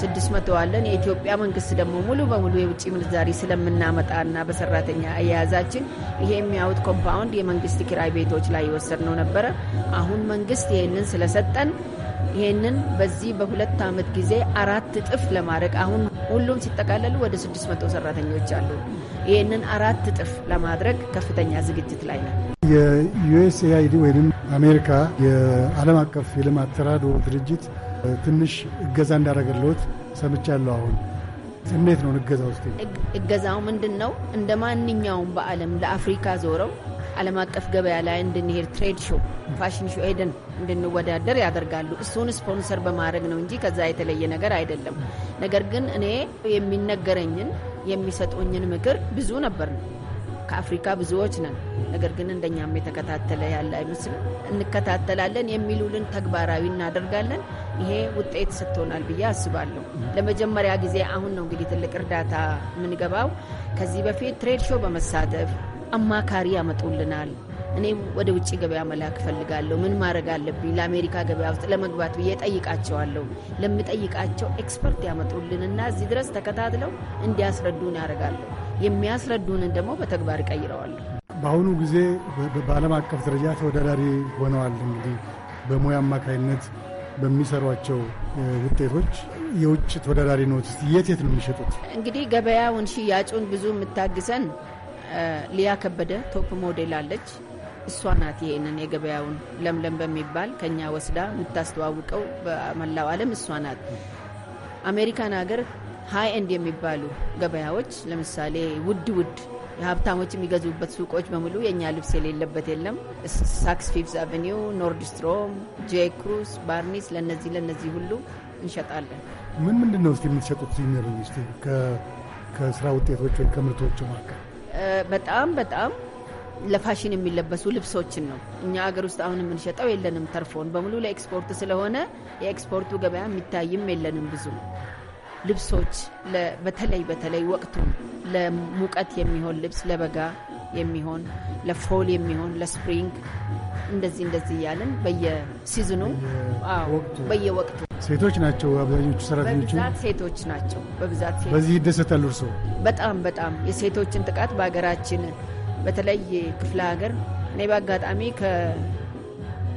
ስድስት መቶ አለን። የኢትዮጵያ መንግስት ደግሞ ሙሉ በሙሉ የውጭ ምንዛሪ ስለምናመጣና በሰራተኛ አያያዛችን ይሄ የሚያወጥ ኮምፓውንድ የመንግስት ኪራይ ቤቶች ላይ የወሰድነው ነበረ። አሁን መንግስት ይህንን ስለሰጠን ይሄንን በዚህ በሁለት ዓመት ጊዜ አራት እጥፍ ለማድረግ አሁን ሁሉም ሲጠቃለሉ ወደ 600 ሰራተኞች አሉ። ይህንን አራት እጥፍ ለማድረግ ከፍተኛ ዝግጅት ላይ ነው። የዩኤስኤአይዲ ወይም አሜሪካ የዓለም አቀፍ የልማት ተራድኦ ድርጅት ትንሽ እገዛ እንዳደረገለት ሰምቻለሁ። አሁን እንዴት ነው እገዛ ውስጥ እገዛው ምንድን ነው? እንደ ማንኛውም በዓለም ለአፍሪካ ዞረው ዓለም አቀፍ ገበያ ላይ እንድንሄድ ትሬድ ሾ፣ ፋሽን ሾ ሄደን እንድንወዳደር ያደርጋሉ። እሱን ስፖንሰር በማድረግ ነው እንጂ ከዛ የተለየ ነገር አይደለም። ነገር ግን እኔ የሚነገረኝን የሚሰጡኝን ምክር ብዙ ነበር ነው ከአፍሪካ ብዙዎች ነን። ነገር ግን እንደኛም የተከታተለ ያለ አይመስልም። እንከታተላለን፣ የሚሉልን ተግባራዊ እናደርጋለን። ይሄ ውጤት ሰጥቶናል ብዬ አስባለሁ። ለመጀመሪያ ጊዜ አሁን ነው እንግዲህ ትልቅ እርዳታ የምንገባው። ከዚህ በፊት ትሬድ ሾ በመሳተፍ አማካሪ ያመጡልናል። እኔም ወደ ውጭ ገበያ መላክ እፈልጋለሁ። ምን ማድረግ አለብኝ? ለአሜሪካ ገበያ ውስጥ ለመግባት ብዬ ጠይቃቸዋለሁ። ለምጠይቃቸው ኤክስፐርት ያመጡልንና እዚህ ድረስ ተከታትለው እንዲያስረዱን ያደርጋለሁ። የሚያስረዱንን ደግሞ በተግባር እቀይረዋለሁ። በአሁኑ ጊዜ በዓለም አቀፍ ደረጃ ተወዳዳሪ ሆነዋል። እንግዲህ በሙያ አማካይነት በሚሰሯቸው ውጤቶች የውጭ ተወዳዳሪ ነት የት የት ነው የሚሸጡት? እንግዲህ ገበያውን ሽያጩን ብዙ የምታግሰን ሊያ ከበደ ቶፕ ሞዴል አለች። እሷ ናት ይህንን የገበያውን ለምለም በሚባል ከኛ ወስዳ የምታስተዋውቀው በመላው ዓለም እሷ ናት። አሜሪካን ሀገር ሀይ ኤንድ የሚባሉ ገበያዎች ለምሳሌ ውድ ውድ የሀብታሞች የሚገዙበት ሱቆች በሙሉ የእኛ ልብስ የሌለበት የለም። ሳክስ ፊፍዝ አቨኒው፣ ኖርድስትሮም፣ ጄ ክሩስ፣ ባርኒስ ለነዚህ ለነዚህ ሁሉ እንሸጣለን። ምን ምንድን ነው ስ የምትሸጡት? ከስራ ውጤቶች ወይ ከምርቶች መካከል በጣም በጣም ለፋሽን የሚለበሱ ልብሶችን ነው። እኛ አገር ውስጥ አሁን የምንሸጠው የለንም። ተርፎን በሙሉ ለኤክስፖርት ስለሆነ የኤክስፖርቱ ገበያ የሚታይም የለንም ብዙ ልብሶች በተለይ በተለይ ወቅቱ ለሙቀት የሚሆን ልብስ፣ ለበጋ የሚሆን ለፎል የሚሆን ለስፕሪንግ እንደዚህ እንደዚህ እያለን በየሲዝኑ በየወቅቱ ሴቶች ናቸው አብዛኞቹ ሰራተኞቹ ሴቶች ናቸው በብዛት በዚህ ይደሰታሉ እርስዎ? በጣም በጣም የሴቶችን ጥቃት በሀገራችን በተለይ ክፍለ ሀገር እኔ በአጋጣሚ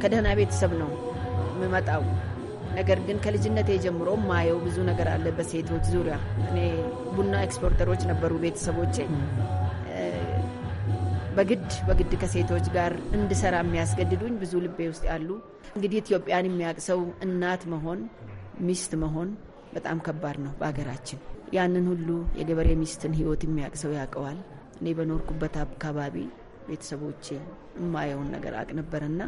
ከደህና ቤተሰብ ነው የምመጣው። ነገር ግን ከልጅነት ጀምሮ ማየው ብዙ ነገር አለ በሴቶች ዙሪያ። እኔ ቡና ኤክስፖርተሮች ነበሩ ቤተሰቦቼ በግድ በግድ ከሴቶች ጋር እንድሰራ የሚያስገድዱኝ ብዙ ልቤ ውስጥ ያሉ እንግዲህ ኢትዮጵያን የሚያቅሰው እናት መሆን ሚስት መሆን በጣም ከባድ ነው በሀገራችን። ያንን ሁሉ የገበሬ ሚስትን ህይወት የሚያቅሰው ያውቀዋል። እኔ በኖርኩበት አካባቢ ቤተሰቦቼ የማየውን ነገር አቅ ነበርና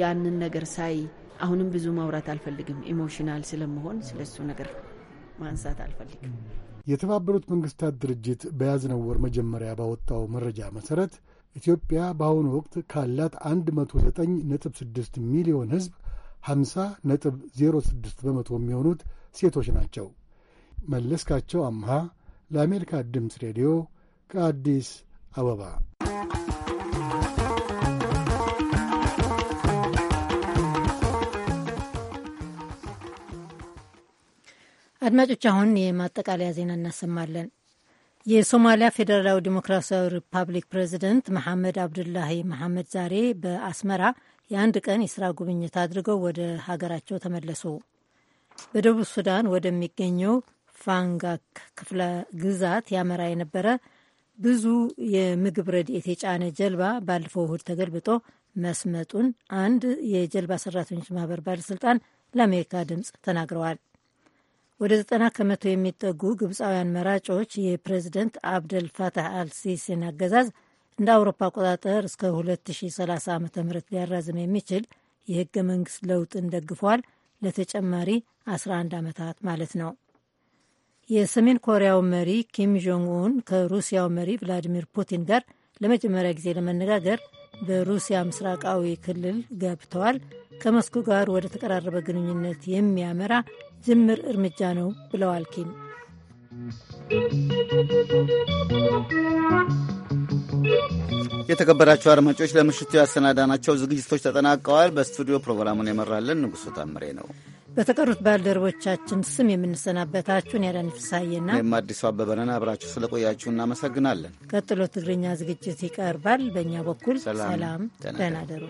ያንን ነገር ሳይ አሁንም ብዙ ማውራት አልፈልግም። ኢሞሽናል ስለመሆን ስለሱ ነገር ማንሳት አልፈልግም። የተባበሩት መንግስታት ድርጅት በያዝነው ወር መጀመሪያ ባወጣው መረጃ መሰረት ኢትዮጵያ በአሁኑ ወቅት ካላት 109.6 ሚሊዮን ሕዝብ 50.06 በመቶ የሚሆኑት ሴቶች ናቸው። መለስካቸው አምሃ ለአሜሪካ ድምፅ ሬዲዮ ከአዲስ አበባ አድማጮች አሁን የማጠቃለያ ዜና እናሰማለን። የሶማሊያ ፌዴራላዊ ዲሞክራሲያዊ ሪፐብሊክ ፕሬዚደንት መሐመድ አብዱላሂ መሐመድ ዛሬ በአስመራ የአንድ ቀን የስራ ጉብኝት አድርገው ወደ ሀገራቸው ተመለሱ። በደቡብ ሱዳን ወደሚገኘው ፋንጋክ ክፍለ ግዛት ያመራ የነበረ ብዙ የምግብ ረድኤት የጫነ ጀልባ ባለፈው እሁድ ተገልብጦ መስመጡን አንድ የጀልባ ሰራተኞች ማህበር ባለስልጣን ለአሜሪካ ድምፅ ተናግረዋል። ወደ ዘጠና ከመቶ የሚጠጉ ግብፃውያን መራጮች የፕሬዝደንት አብደል ፋታህ አልሲሲን አገዛዝ እንደ አውሮፓ አቆጣጠር እስከ 2030 ዓ ም ሊያራዝም የሚችል የህገ መንግስት ለውጥን ደግፏል። ለተጨማሪ 11 ዓመታት ማለት ነው። የሰሜን ኮሪያው መሪ ኪም ጆንግ ኡን ከሩሲያው መሪ ቭላዲሚር ፑቲን ጋር ለመጀመሪያ ጊዜ ለመነጋገር በሩሲያ ምስራቃዊ ክልል ገብተዋል። ከመስኩ ጋር ወደ ተቀራረበ ግንኙነት የሚያመራ ጅምር እርምጃ ነው ብለዋል ኪም። የተከበራቸው አድማጮች ለምሽቱ ያሰናዳናቸው ዝግጅቶች ተጠናቀዋል። በስቱዲዮ ፕሮግራሙን የመራለን ንጉሱ ታምሬ ነው። በተቀሩት ባልደረቦቻችን ስም የምንሰናበታችሁን ያዳን ፍሳዬና ወይም አዲሱ አበበነን አብራችሁ ስለቆያችሁ እናመሰግናለን። ቀጥሎ ትግርኛ ዝግጅት ይቀርባል። በእኛ በኩል ሰላም፣ ደህና ደሩ።